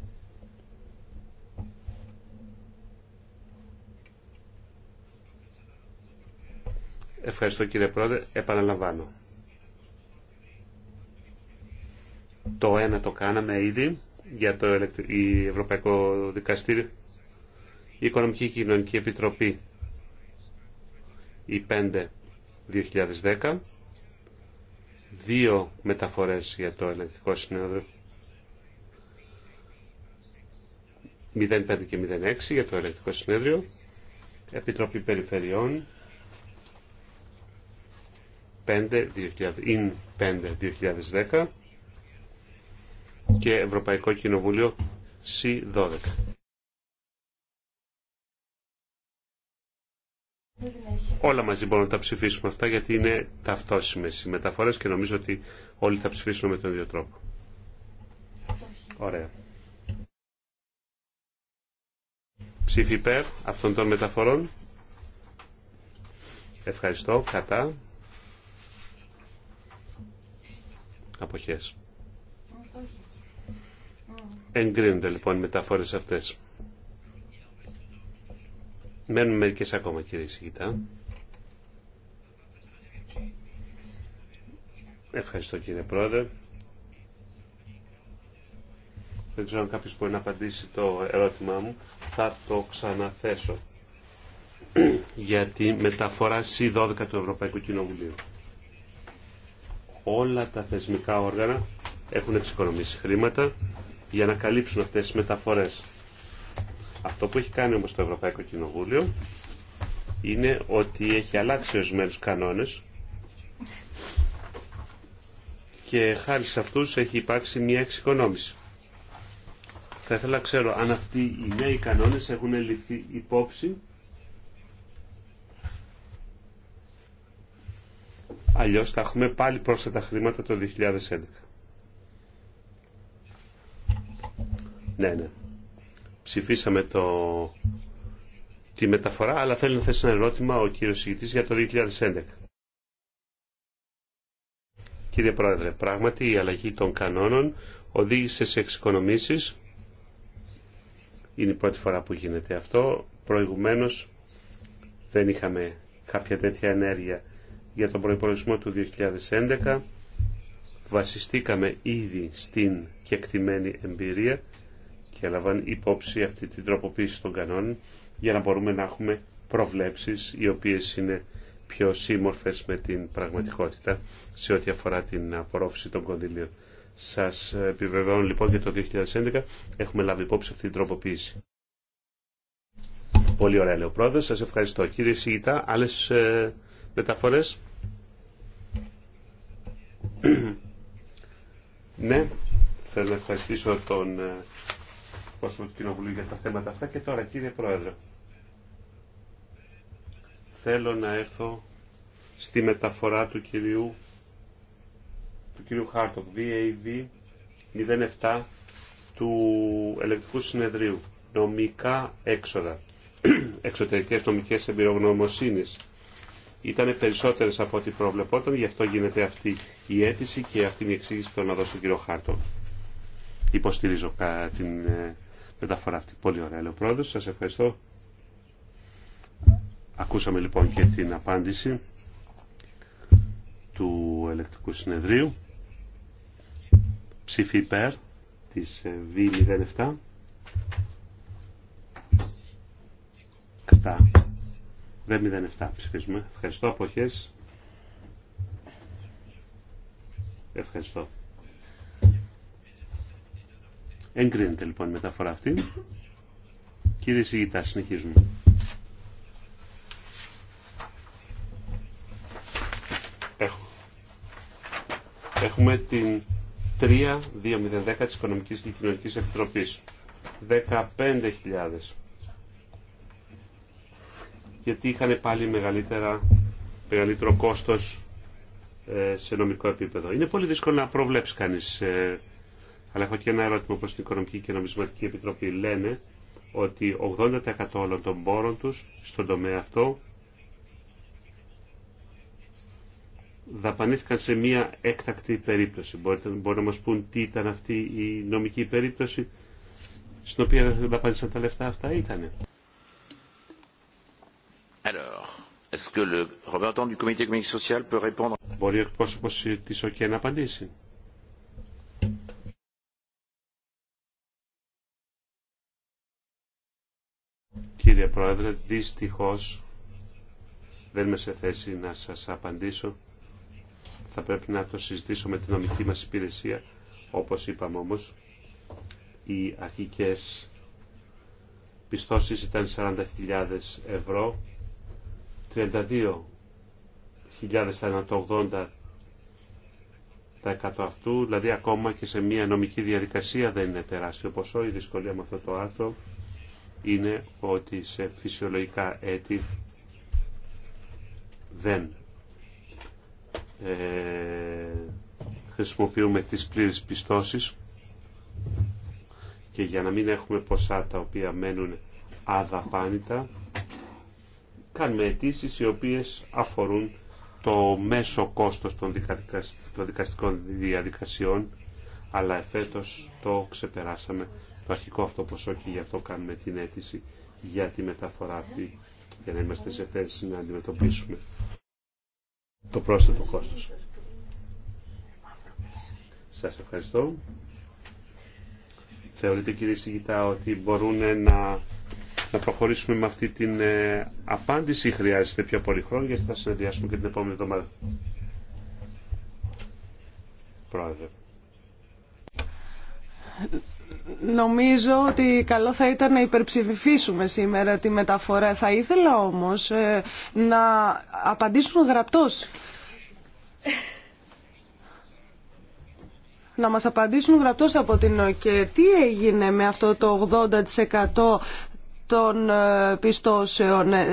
Speaker 2: Ευχαριστώ κύριε Πρόεδρε. Επαναλαμβάνω. Το ένα το κάναμε ήδη για το Ευρωπαϊκό Δικαστήριο, η Οικονομική και Κοινωνική Επιτροπή, η 5 2010, δύο μεταφορές για το Ελεκτικό Συνέδριο, 05 και 06 για το Ελεκτικό Συνέδριο, Επιτροπή Περιφερειών, 5 2010, και Ευρωπαϊκό Κοινοβούλιο C12. Όλα μαζί μπορούμε να τα ψηφίσουμε αυτά γιατί είναι ταυτόσιμες οι μεταφορές και νομίζω ότι όλοι θα ψηφίσουν με τον ίδιο τρόπο. Ωραία. Ψήφι υπέρ αυτών των μεταφορών. Ευχαριστώ. Κατά. Αποχές. Εγκρίνονται λοιπόν οι μεταφορές αυτές. Μένουν μερικές ακόμα κύριε Σιγητά. Ευχαριστώ κύριε Πρόεδρε. Δεν ξέρω αν κάποιος μπορεί να απαντήσει το ερώτημά μου. Θα το ξαναθέσω <clears throat> για τη μεταφορά C12 του Ευρωπαϊκού Κοινοβουλίου. Όλα τα θεσμικά όργανα έχουν εξοικονομήσει χρήματα για να καλύψουν αυτές τις μεταφορές. Αυτό που έχει κάνει όμως το Ευρωπαϊκό Κοινοβούλιο είναι ότι έχει αλλάξει ορισμένου κανόνες και χάρη σε αυτούς έχει υπάρξει μια εξοικονόμηση. Θα ήθελα να ξέρω αν αυτοί οι νέοι κανόνες έχουν ληφθεί υπόψη αλλιώς θα έχουμε πάλι πρόσθετα χρήματα το 2011. Ναι, ναι. Ψηφίσαμε το... τη μεταφορά, αλλά θέλει να θέσει ένα ερώτημα ο κύριος Συγητής για το 2011. Κύριε Πρόεδρε, πράγματι η αλλαγή των κανόνων οδήγησε σε εξοικονομήσεις. Είναι η πρώτη φορά που γίνεται αυτό. Προηγουμένως δεν είχαμε κάποια τέτοια ενέργεια για τον προϋπολογισμό του 2011. Βασιστήκαμε ήδη στην κεκτημένη εμπειρία και έλαβαν υπόψη αυτή την τροποποίηση των κανόνων για να μπορούμε να έχουμε προβλέψεις οι οποίες είναι πιο σύμμορφες με την πραγματικότητα σε ό,τι αφορά την απορρόφηση των κονδυλίων. Σας επιβεβαιώνω λοιπόν για το 2011 έχουμε λάβει υπόψη αυτή την τροποποίηση. Πολύ ωραία λέει ο πρόεδρος. Σας ευχαριστώ. Κύριε Σιγητά, άλλες ε, μεταφορές. <clears throat> ναι, θέλω να ευχαριστήσω τον ε, εκπρόσωπο του Κοινοβουλίου για τα θέματα αυτά. Και τώρα κύριε Πρόεδρε, θέλω να έρθω στη μεταφορά του κυρίου, του κυρίου Χάρτοκ, VAV 07 του Ελεκτικού Συνεδρίου. Νομικά έξοδα. <clears throat> Εξωτερικές νομικές εμπειρογνωμοσύνης. Ήταν περισσότερε από ό,τι προβλεπόταν, γι' αυτό γίνεται αυτή η αίτηση και αυτή η εξήγηση που θέλω να δώσω στον κύριο Χάρτον. Υποστηρίζω την ε, μεταφορά αυτή. Πολύ ωραία, λέει ο πρόεδρος. Σας ευχαριστώ. Ακούσαμε λοιπόν και την απάντηση του ελεκτικού συνεδρίου. Ψήφι υπέρ της V07. Ε, Κατά. V07 07 ψηφίζουμε. Ευχαριστώ. Αποχές. Ευχαριστώ. Εγκρίνεται λοιπόν η μεταφορά αυτή. Κύριε Σιγητά, συνεχίζουμε. Έχουμε την 32010 τη της Οικονομικής και Κοινωνικής Επιτροπής. 15.000. Γιατί είχαν πάλι μεγαλύτερα, μεγαλύτερο κόστος ε, σε νομικό επίπεδο. Είναι πολύ δύσκολο να προβλέψει κανείς ε, αλλά έχω και ένα ερώτημα προς την Οικονομική και Νομισματική Επιτροπή. Λένε ότι 80% όλων των πόρων τους στον τομέα αυτό δαπανήθηκαν σε μια έκτακτη περίπτωση. Μπορείτε, μπορεί να μας πούν τι ήταν αυτή η νομική περίπτωση στην οποία δαπανήσαν τα λεφτά αυτά ήτανε. Μπορεί ο εκπρόσωπος της ΟΚΕ να απαντήσει. Κύριε Πρόεδρε, δυστυχώς δεν είμαι σε θέση να σας απαντήσω. Θα πρέπει να το συζητήσω με την νομική μας υπηρεσία. Όπως είπαμε όμως, οι αρχικές πιστώσεις ήταν 40.000 ευρώ, 32.000 ήταν το 80% αυτού, δηλαδή ακόμα και σε μια νομική διαδικασία δεν είναι τεράστιο ποσό η δυσκολία με αυτό το άρθρο είναι ότι σε φυσιολογικά έτη δεν ε, χρησιμοποιούμε τις πλήρες πιστώσεις και για να μην έχουμε ποσά τα οποία μένουν αδαπάνητα κάνουμε αιτήσει οι οποίες αφορούν το μέσο κόστος των δικαστικών διαδικασιών αλλά εφέτος το ξεπεράσαμε το αρχικό αυτό ποσό και γι' αυτό κάνουμε την αίτηση για τη μεταφορά αυτή για να είμαστε σε θέση να αντιμετωπίσουμε το πρόσθετο κόστος. Σας ευχαριστώ. Θεωρείτε κύριε Σιγητά ότι μπορούν να, να προχωρήσουμε με αυτή την ε, απάντηση χρειάζεται πιο πολύ χρόνο γιατί θα συνεδριάσουμε και την επόμενη εβδομάδα. Πρόεδρε.
Speaker 1: Νομίζω ότι καλό θα ήταν να υπερψηφίσουμε σήμερα τη μεταφορά. Θα ήθελα όμως ε, να απαντήσουν γραπτός. Να μας απαντήσουν γραπτός από την ΟΚΕ. Τι έγινε με αυτό το 80% των ε, πιστώσεων. Ε,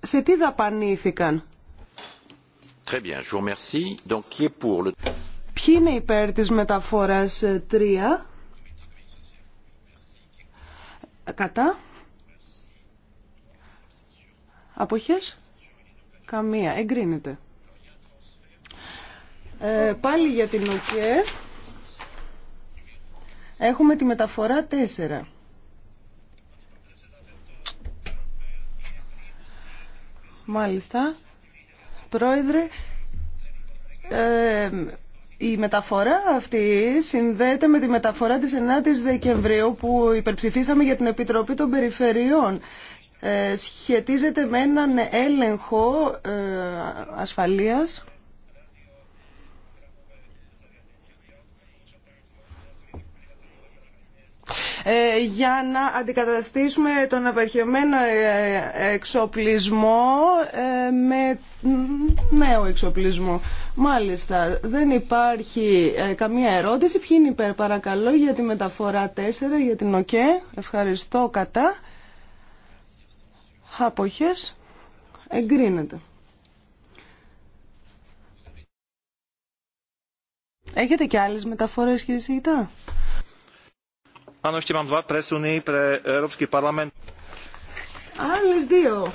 Speaker 1: σε τι δαπανήθηκαν. Très Ποιοι είναι υπέρ της μεταφοράς 3. Κατά. Αποχές. Καμία. Εγκρίνεται. Ε, πάλι για την ΟΚΕ. Έχουμε τη μεταφορά 4. Μάλιστα. Πρόεδρε, ε, η μεταφορά αυτή συνδέεται με τη μεταφορά της 9ης Δεκεμβρίου που υπερψηφίσαμε για την Επιτροπή των Περιφερειών. Ε, σχετίζεται με έναν έλεγχο ε, ασφαλείας Ε, για να αντικαταστήσουμε τον απαρχαιωμένο ε, εξοπλισμό ε, με νέο εξοπλισμό. Μάλιστα, δεν υπάρχει καμία ερώτηση. Ποιοι είναι υπέρ, παρακαλώ, για τη μεταφορά 4, για την ΟΚΕ. Ευχαριστώ, κατά. Αποχές. Εγκρίνεται. Έχετε και άλλες μεταφορές κύριε Σιγητά. Áno, ešte δύο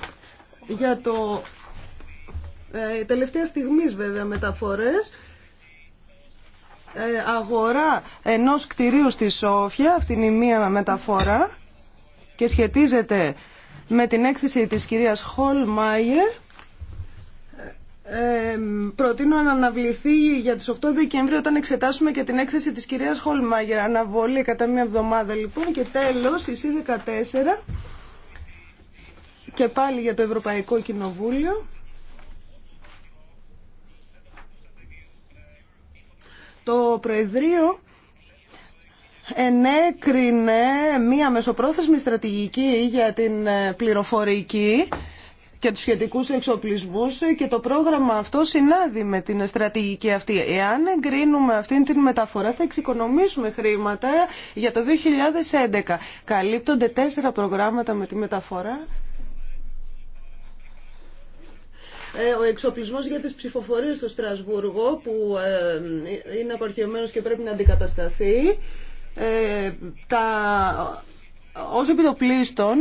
Speaker 1: για το ε, τελευταία στιγμή βέβαια μεταφορές ε, αγορά ενός κτηρίου στη Σόφια, είναι η μία μεταφορά και σχετίζεται με την έκθεση της κυρίας Χολμάιερ προτείνω να αναβληθεί για τις 8 Δεκεμβρίου όταν εξετάσουμε και την έκθεση της κυρίας Χολμάγερ. Αναβολή κατά μία εβδομάδα λοιπόν και τέλος η 14 και πάλι για το Ευρωπαϊκό Κοινοβούλιο. Το Προεδρείο ενέκρινε μία μεσοπρόθεσμη στρατηγική για την ε, πληροφορική και τους σχετικούς εξοπλισμούς και το πρόγραμμα αυτό συνάδει με την στρατηγική αυτή. Εάν εγκρίνουμε αυτή την μεταφορά θα εξοικονομήσουμε χρήματα για το 2011. Καλύπτονται τέσσερα προγράμματα με τη μεταφορά ε, ο εξοπλισμός για τις ψηφοφορίες στο Στρασβούργο που ε, είναι απαρχαιωμένος και πρέπει να αντικατασταθεί. Ε, τα, επιτοπλίστων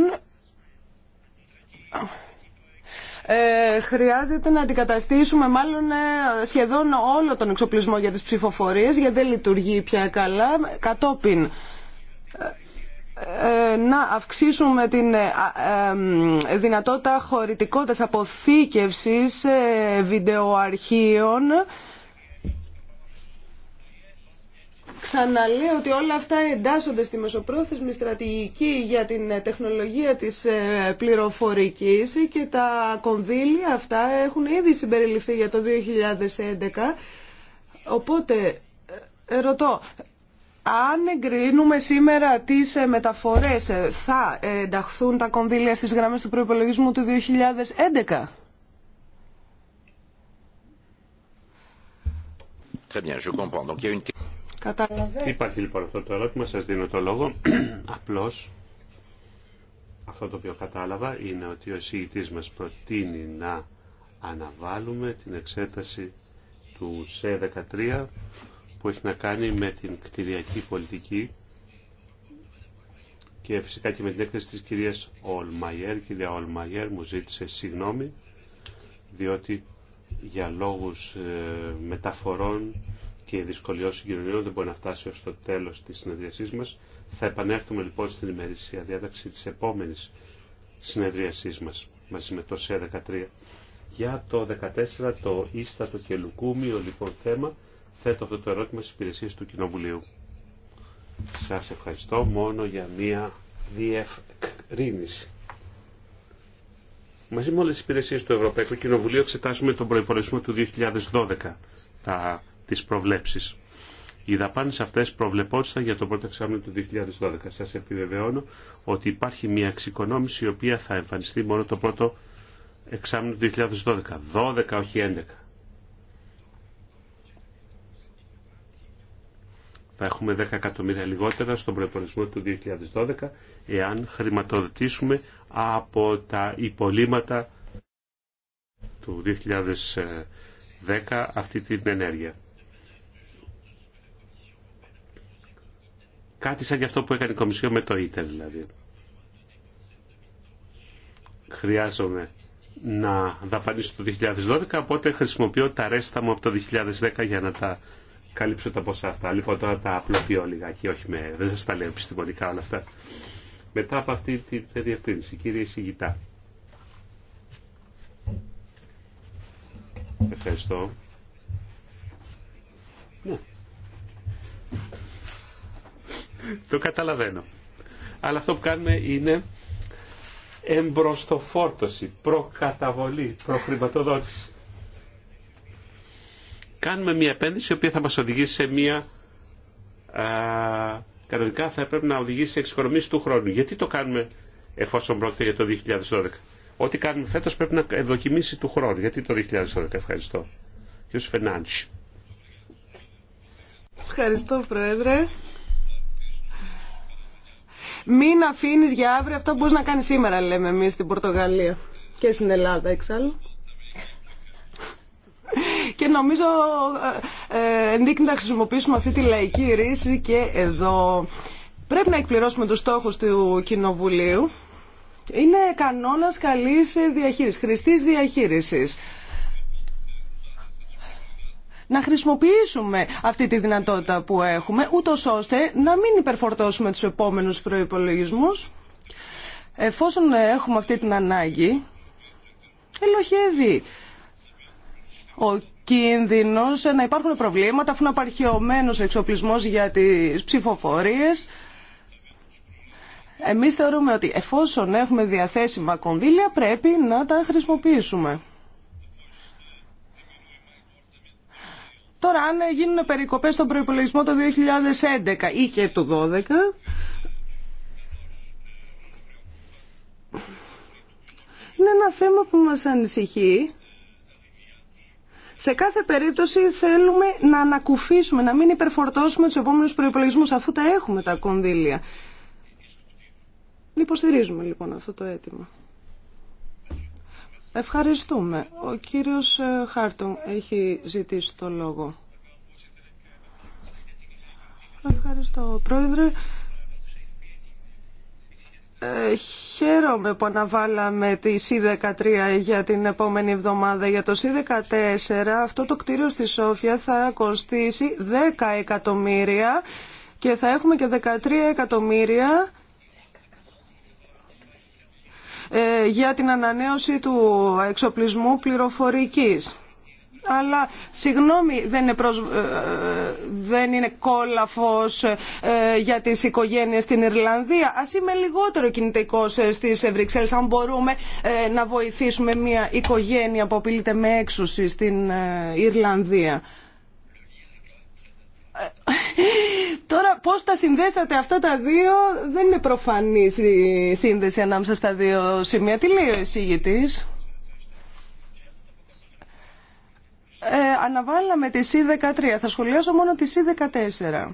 Speaker 1: ε, χρειάζεται να αντικαταστήσουμε μάλλον ε, σχεδόν όλο τον εξοπλισμό για τις ψηφοφορίες γιατί δεν λειτουργεί πια καλά κατόπιν ε, να αυξήσουμε την δυνατότητα χωρητικότητας αποθήκευσης βιντεοαρχείων Ξαναλέω ότι όλα αυτά εντάσσονται στη μεσοπρόθεσμη στρατηγική για την ε, τεχνολογία της ε, πληροφορικής και τα κονδύλια αυτά έχουν ήδη συμπεριληφθεί για το 2011. Οπότε, ε, ρωτώ, αν εγκρίνουμε σήμερα τις μεταφορές, θα ενταχθούν τα κονδύλια στις γραμμές του προϋπολογισμού του 2011.
Speaker 2: Très bien, je comprends. Donc, il y a une... Υπάρχει λοιπόν αυτό το ερώτημα, σας δίνω το λόγο. <clears throat> Απλώς αυτό το οποίο κατάλαβα είναι ότι ο εισηγητής μας προτείνει να αναβάλουμε την εξέταση του σε 13 που έχει να κάνει με την κτηριακή πολιτική και φυσικά και με την έκθεση της κυρίας Ολμαγέρ. κυρία Ολμαγέρ μου ζήτησε συγγνώμη διότι για λόγους ε, μεταφορών και δυσκολιών συγκοινωνιών δεν μπορεί να φτάσει ως το τέλος της συνεδριασής μας. Θα επανέλθουμε λοιπόν στην ημερήσια διάταξη της επόμενης συνεδριασής μας μαζί με το ΣΕ 13. Για το 14 το ίστατο και λουκούμιο λοιπόν θέμα θέτω αυτό το ερώτημα στις υπηρεσίες του Κοινοβουλίου. Σας ευχαριστώ μόνο για μία διευκρίνηση. Μαζί με όλες τις υπηρεσίες του Ευρωπαϊκού Κοινοβουλίου εξετάζουμε τον προϋπολογισμό του 2012. Τα τις προβλέψεις. Οι δαπάνες αυτές προβλεπόντουσαν για το πρώτο εξάμεινο του 2012. Σας επιβεβαιώνω ότι υπάρχει μια εξοικονόμηση η οποία θα εμφανιστεί μόνο το πρώτο εξάμεινο του 2012. 12 όχι 11. Θα έχουμε 10 εκατομμύρια λιγότερα στον προπολογισμό του 2012 εάν χρηματοδοτήσουμε από τα υπολείμματα του 2010 αυτή την ενέργεια. Κάτι σαν και αυτό που έκανε η Κομισιό με το ΙΤΕΡ δηλαδή. Χρειάζομαι να δαπανίσω το 2012, οπότε χρησιμοποιώ τα ρέστα μου από το 2010 για να τα καλύψω τα ποσά αυτά. Λοιπόν, τώρα τα απλοποιώ λιγάκι, όχι με, δεν σας τα λέω επιστημονικά όλα αυτά. Μετά από αυτή τη, τη διευκρίνηση, κύριε Σιγητά. Ευχαριστώ. Ναι. Το καταλαβαίνω. Αλλά αυτό που κάνουμε είναι εμπροστοφόρτωση, προκαταβολή, προχρηματοδότηση. Κάνουμε μια επένδυση η οποία θα μας οδηγήσει σε μια... Α, κανονικά θα πρέπει να οδηγήσει σε εξοικονομήσεις του χρόνου. Γιατί το κάνουμε εφόσον πρόκειται για το 2012. Ό,τι κάνουμε φέτος πρέπει να δοκιμήσει του χρόνου. Γιατί το 2012. Ευχαριστώ. Κύριος
Speaker 1: Ευχαριστώ Πρόεδρε. Μην αφήνει για αύριο αυτό που μπορεί να κάνει σήμερα, λέμε εμεί στην Πορτογαλία. Και στην Ελλάδα εξάλλου. Και νομίζω ε, ε να χρησιμοποιήσουμε αυτή τη λαϊκή ρίση και εδώ. Πρέπει να εκπληρώσουμε τους στόχους του Κοινοβουλίου. Είναι κανόνας καλής διαχείρισης, χρηστής διαχείρισης να χρησιμοποιήσουμε αυτή τη δυνατότητα που έχουμε, ούτω ώστε να μην υπερφορτώσουμε του επόμενου προπολογισμού, Εφόσον έχουμε αυτή την ανάγκη, ελοχεύει ο κίνδυνο να υπάρχουν προβλήματα αφού να υπάρχει εξοπλισμός για τις ψηφοφορίες. Εμείς θεωρούμε ότι εφόσον έχουμε διαθέσιμα κονδύλια πρέπει να τα χρησιμοποιήσουμε. Τώρα αν γίνουν περικοπές στον προϋπολογισμό το 2011 ή και το 2012... Είναι ένα θέμα που μας ανησυχεί. Σε κάθε περίπτωση θέλουμε να ανακουφίσουμε, να μην υπερφορτώσουμε τους επόμενους προϋπολογισμούς αφού τα έχουμε τα κονδύλια. Υποστηρίζουμε λοιπόν αυτό το αίτημα. Ευχαριστούμε. Ο κύριος ε, Χάρτον έχει ζητήσει το λόγο. Ευχαριστώ, Πρόεδρε. Ε, χαίρομαι που αναβάλαμε τη C13 για την επόμενη εβδομάδα. Για το C14 αυτό το κτίριο στη Σόφια θα κοστίσει 10 εκατομμύρια και θα έχουμε και 13 εκατομμύρια ε, για την ανανέωση του εξοπλισμού πληροφορικής. Αλλά, συγγνώμη, δεν είναι, προσ... Ε, ε, δεν είναι κόλαφος για τις οικογένειες στην Ιρλανδία. Ας είμαι λιγότερο κινητικός στις Βρυξέλλες, αν μπορούμε να βοηθήσουμε μια οικογένεια που απειλείται με έξωση στην Ιρλανδία. Τώρα πώς τα συνδέσατε αυτά τα δύο δεν είναι προφανή η σύνδεση ανάμεσα στα δύο σημεία. Τι λέει ο εισηγητής. Ε, αναβάλαμε τη C13. Θα σχολιάσω μόνο τη C14.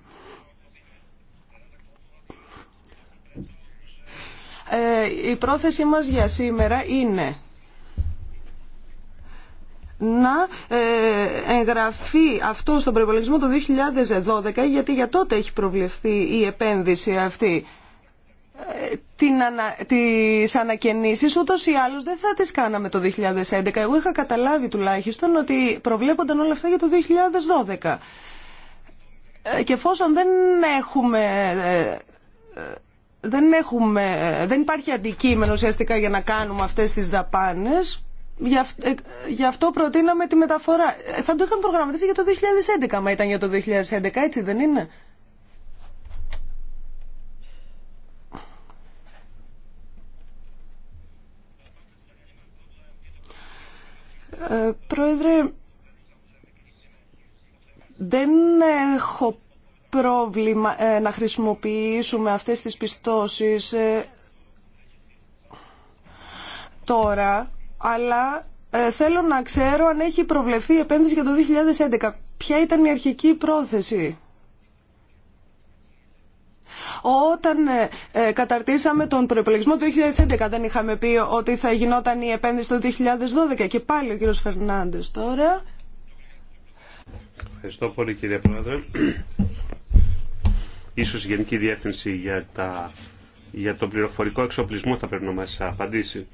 Speaker 1: Ε, η πρόθεσή μας για σήμερα είναι να ε, εγγραφεί αυτό στον προπολογισμό το 2012 γιατί για τότε έχει προβλεφθεί η επένδυση αυτή ε, την ανα, τις ανακαινήσεις ούτως ή άλλως δεν θα τις κάναμε το 2011. Εγώ είχα καταλάβει τουλάχιστον ότι προβλέπονταν όλα αυτά για το 2012. Ε, και εφόσον δεν έχουμε... Δεν, έχουμε, δεν υπάρχει αντικείμενο ουσιαστικά για να κάνουμε αυτές τις δαπάνες ε, γι' αυτό προτείναμε τη μεταφορά. Ε, θα το είχαμε προγραμματίσει για το 2011, μα ήταν για το 2011, έτσι δεν είναι. Ε, πρόεδρε, δεν έχω πρόβλημα ε, να χρησιμοποιήσουμε αυτές τις πιστώσεις τώρα αλλά ε, θέλω να ξέρω αν έχει προβλεφθεί η επένδυση για το 2011. Ποια ήταν η αρχική πρόθεση. Όταν ε, ε καταρτήσαμε τον προπολογισμό του 2011 δεν είχαμε πει ότι θα γινόταν η επένδυση το 2012 και πάλι ο κύριος Φερνάντες τώρα.
Speaker 2: Ευχαριστώ πολύ κύριε Πρόεδρε. Ίσως η Γενική Διεύθυνση για, τα, για τον πληροφορικό εξοπλισμό θα πρέπει να μας απαντήσει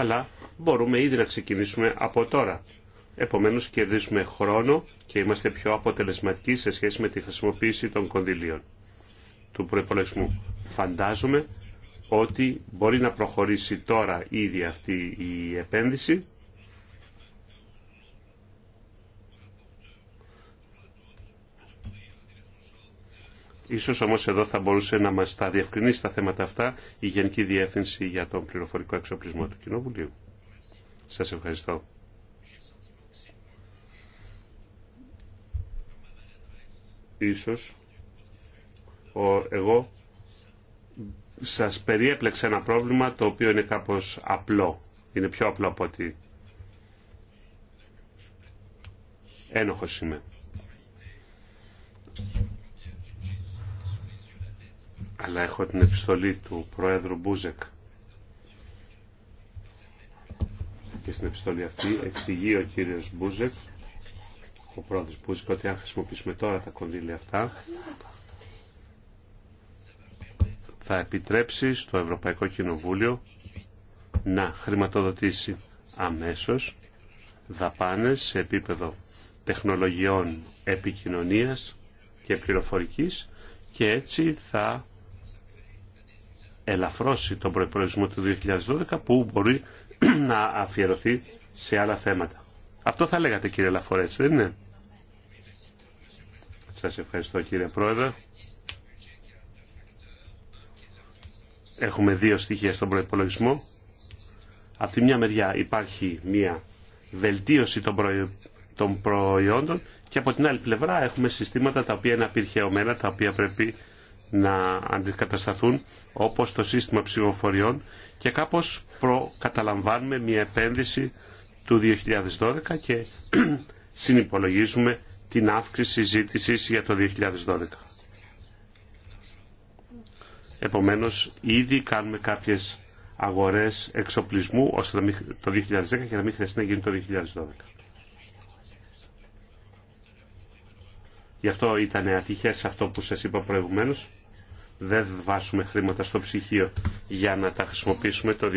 Speaker 2: αλλά μπορούμε ήδη να ξεκινήσουμε από τώρα. Επομένως κερδίζουμε χρόνο και είμαστε πιο αποτελεσματικοί σε σχέση με τη χρησιμοποίηση των κονδυλίων του προϋπολογισμού. Φαντάζομαι ότι μπορεί να προχωρήσει τώρα ήδη αυτή η επένδυση Ίσως όμως εδώ θα μπορούσε να μας τα διευκρινίσει τα θέματα αυτά η Γενική Διεύθυνση για τον πληροφορικό εξοπλισμό του Κοινοβουλίου. Σας ευχαριστώ. Ίσως ο, εγώ σας περιέπλεξα ένα πρόβλημα το οποίο είναι κάπως απλό. Είναι πιο απλό από ότι ένοχος είμαι αλλά έχω την επιστολή του Προέδρου Μπούζεκ. Και στην επιστολή αυτή εξηγεί ο κύριος Μπούζεκ, ο πρόεδρος Μπούζεκ, ότι αν χρησιμοποιήσουμε τώρα τα κονδύλια αυτά, θα επιτρέψει στο Ευρωπαϊκό Κοινοβούλιο να χρηματοδοτήσει αμέσως δαπάνες σε επίπεδο τεχνολογιών επικοινωνίας και πληροφορικής και έτσι θα ελαφρώσει τον προϋπολογισμό του 2012 που μπορεί <clears throat> να αφιερωθεί σε άλλα θέματα. Αυτό θα λέγατε κύριε Λαφορέ, δεν είναι. Σας ευχαριστώ κύριε Πρόεδρε. Έχουμε δύο στοιχεία στον προϋπολογισμό. Από τη μια μεριά υπάρχει μια βελτίωση των, των προϊόντων και από την άλλη πλευρά έχουμε συστήματα τα οποία είναι απειρχαιωμένα, τα οποία πρέπει να αντικατασταθούν όπως το σύστημα ψηφοφοριών και κάπως προκαταλαμβάνουμε μια επένδυση του 2012 και <clears throat> συνυπολογίζουμε την αύξηση ζήτησης για το 2012. Επομένως, ήδη κάνουμε κάποιες αγορές εξοπλισμού ώστε το 2010 και να μην χρειαστεί να γίνει το 2012. Γι' αυτό ήταν ατυχές αυτό που σας είπα προηγουμένως δεν βάσουμε χρήματα στο ψυχείο για να τα χρησιμοποιήσουμε το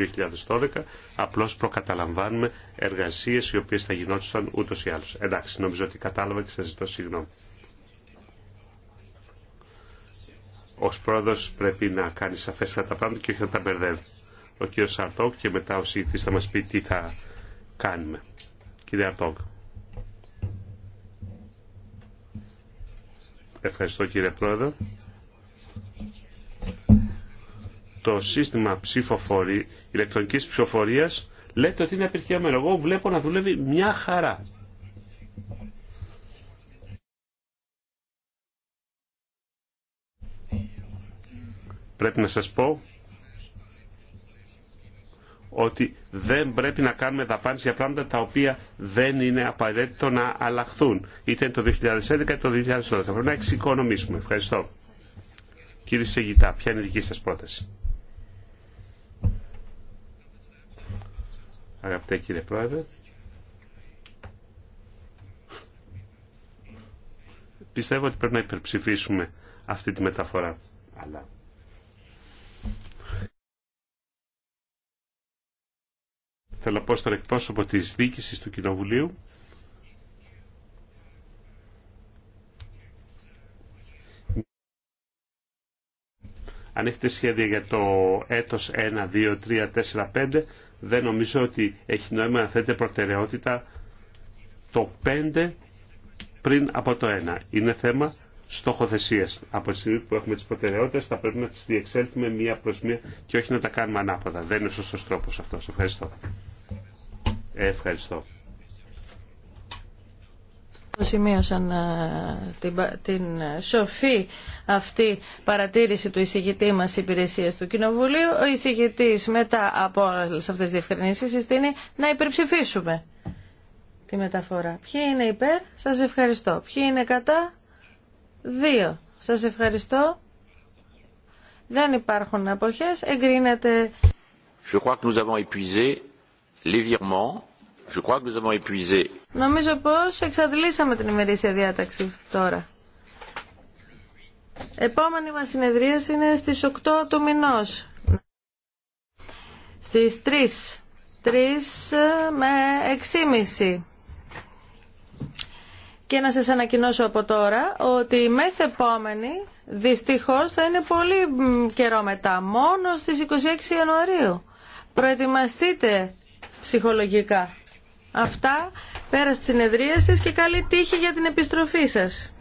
Speaker 2: 2012, απλώς προκαταλαμβάνουμε εργασίες οι οποίες θα γινόντουσαν ούτως ή άλλως. Εντάξει, νομίζω ότι κατάλαβα και σας ζητώ συγγνώμη. Ω πρόεδρος πρέπει να κάνει σαφέστατα τα πράγματα και όχι να τα μπερδεύει. Ο κύριος Σαρτόκ και μετά ο συγητής θα μας πει τι θα κάνουμε. Κύριε Αρτόκ. Ευχαριστώ κύριε Πρόεδρε το σύστημα ψηφοφορή, ηλεκτρονικής ψηφοφορίας λέτε ότι είναι απερχιαμένο. Εγώ βλέπω να δουλεύει μια χαρά. Πρέπει να σας πω ότι δεν πρέπει να κάνουμε δαπάνηση για πράγματα τα οποία δεν είναι απαραίτητο να αλλάχθουν. Είτε το 2011 είτε το 2012. Θα πρέπει να εξοικονομήσουμε. Ευχαριστώ. Κύριε Σεγητά, ποια είναι η δική σας πρόταση. Αγαπητέ κύριε Πρόεδρε, πιστεύω ότι πρέπει να υπερψηφίσουμε αυτή τη μεταφορά. Αλλά... Θέλω να πω στον εκπρόσωπο της διοίκησης του Κοινοβουλίου Αν έχετε σχέδια για το έτος 1, 2, 3, 4, 5, δεν νομίζω ότι έχει νόημα να θέτε προτεραιότητα το 5 πριν από το 1. Είναι θέμα στοχοθεσία. Από τη στιγμή που έχουμε τι προτεραιότητε, θα πρέπει να τι διεξέλθουμε μία προς μία και όχι να τα κάνουμε ανάποδα. Δεν είναι ο σωστό τρόπο αυτό. Ευχαριστώ. Ε, ευχαριστώ.
Speaker 3: Το σημείωσαν ε, την, την ε, σοφή αυτή παρατήρηση του εισηγητή μα υπηρεσία του Κοινοβουλίου. Ο εισηγητή μετά από όλε αυτέ τι διευκρινήσει συστήνει να υπερψηφίσουμε τη μεταφορά. Ποιοι είναι υπέρ, σα ευχαριστώ. Ποιοι είναι κατά, δύο. Σα ευχαριστώ. Δεν υπάρχουν αποχέ. Εγκρίνεται.
Speaker 4: Je crois que nous avons épuisé les virements. Je crois que nous avons épuisé.
Speaker 3: Νομίζω πως εξαντλήσαμε την ημερήσια διάταξη τώρα. Επόμενη μας συνεδρίαση είναι στις 8 του μηνός. Στις 3. 3 ε, με 6.30. Και να σας ανακοινώσω από τώρα ότι η μεθεπόμενη δυστυχώς θα είναι πολύ καιρό μετά, μόνο στις 26 Ιανουαρίου. Προετοιμαστείτε ψυχολογικά. Αυτά, πέρα τη σα και καλή τύχη για την επιστροφή σας.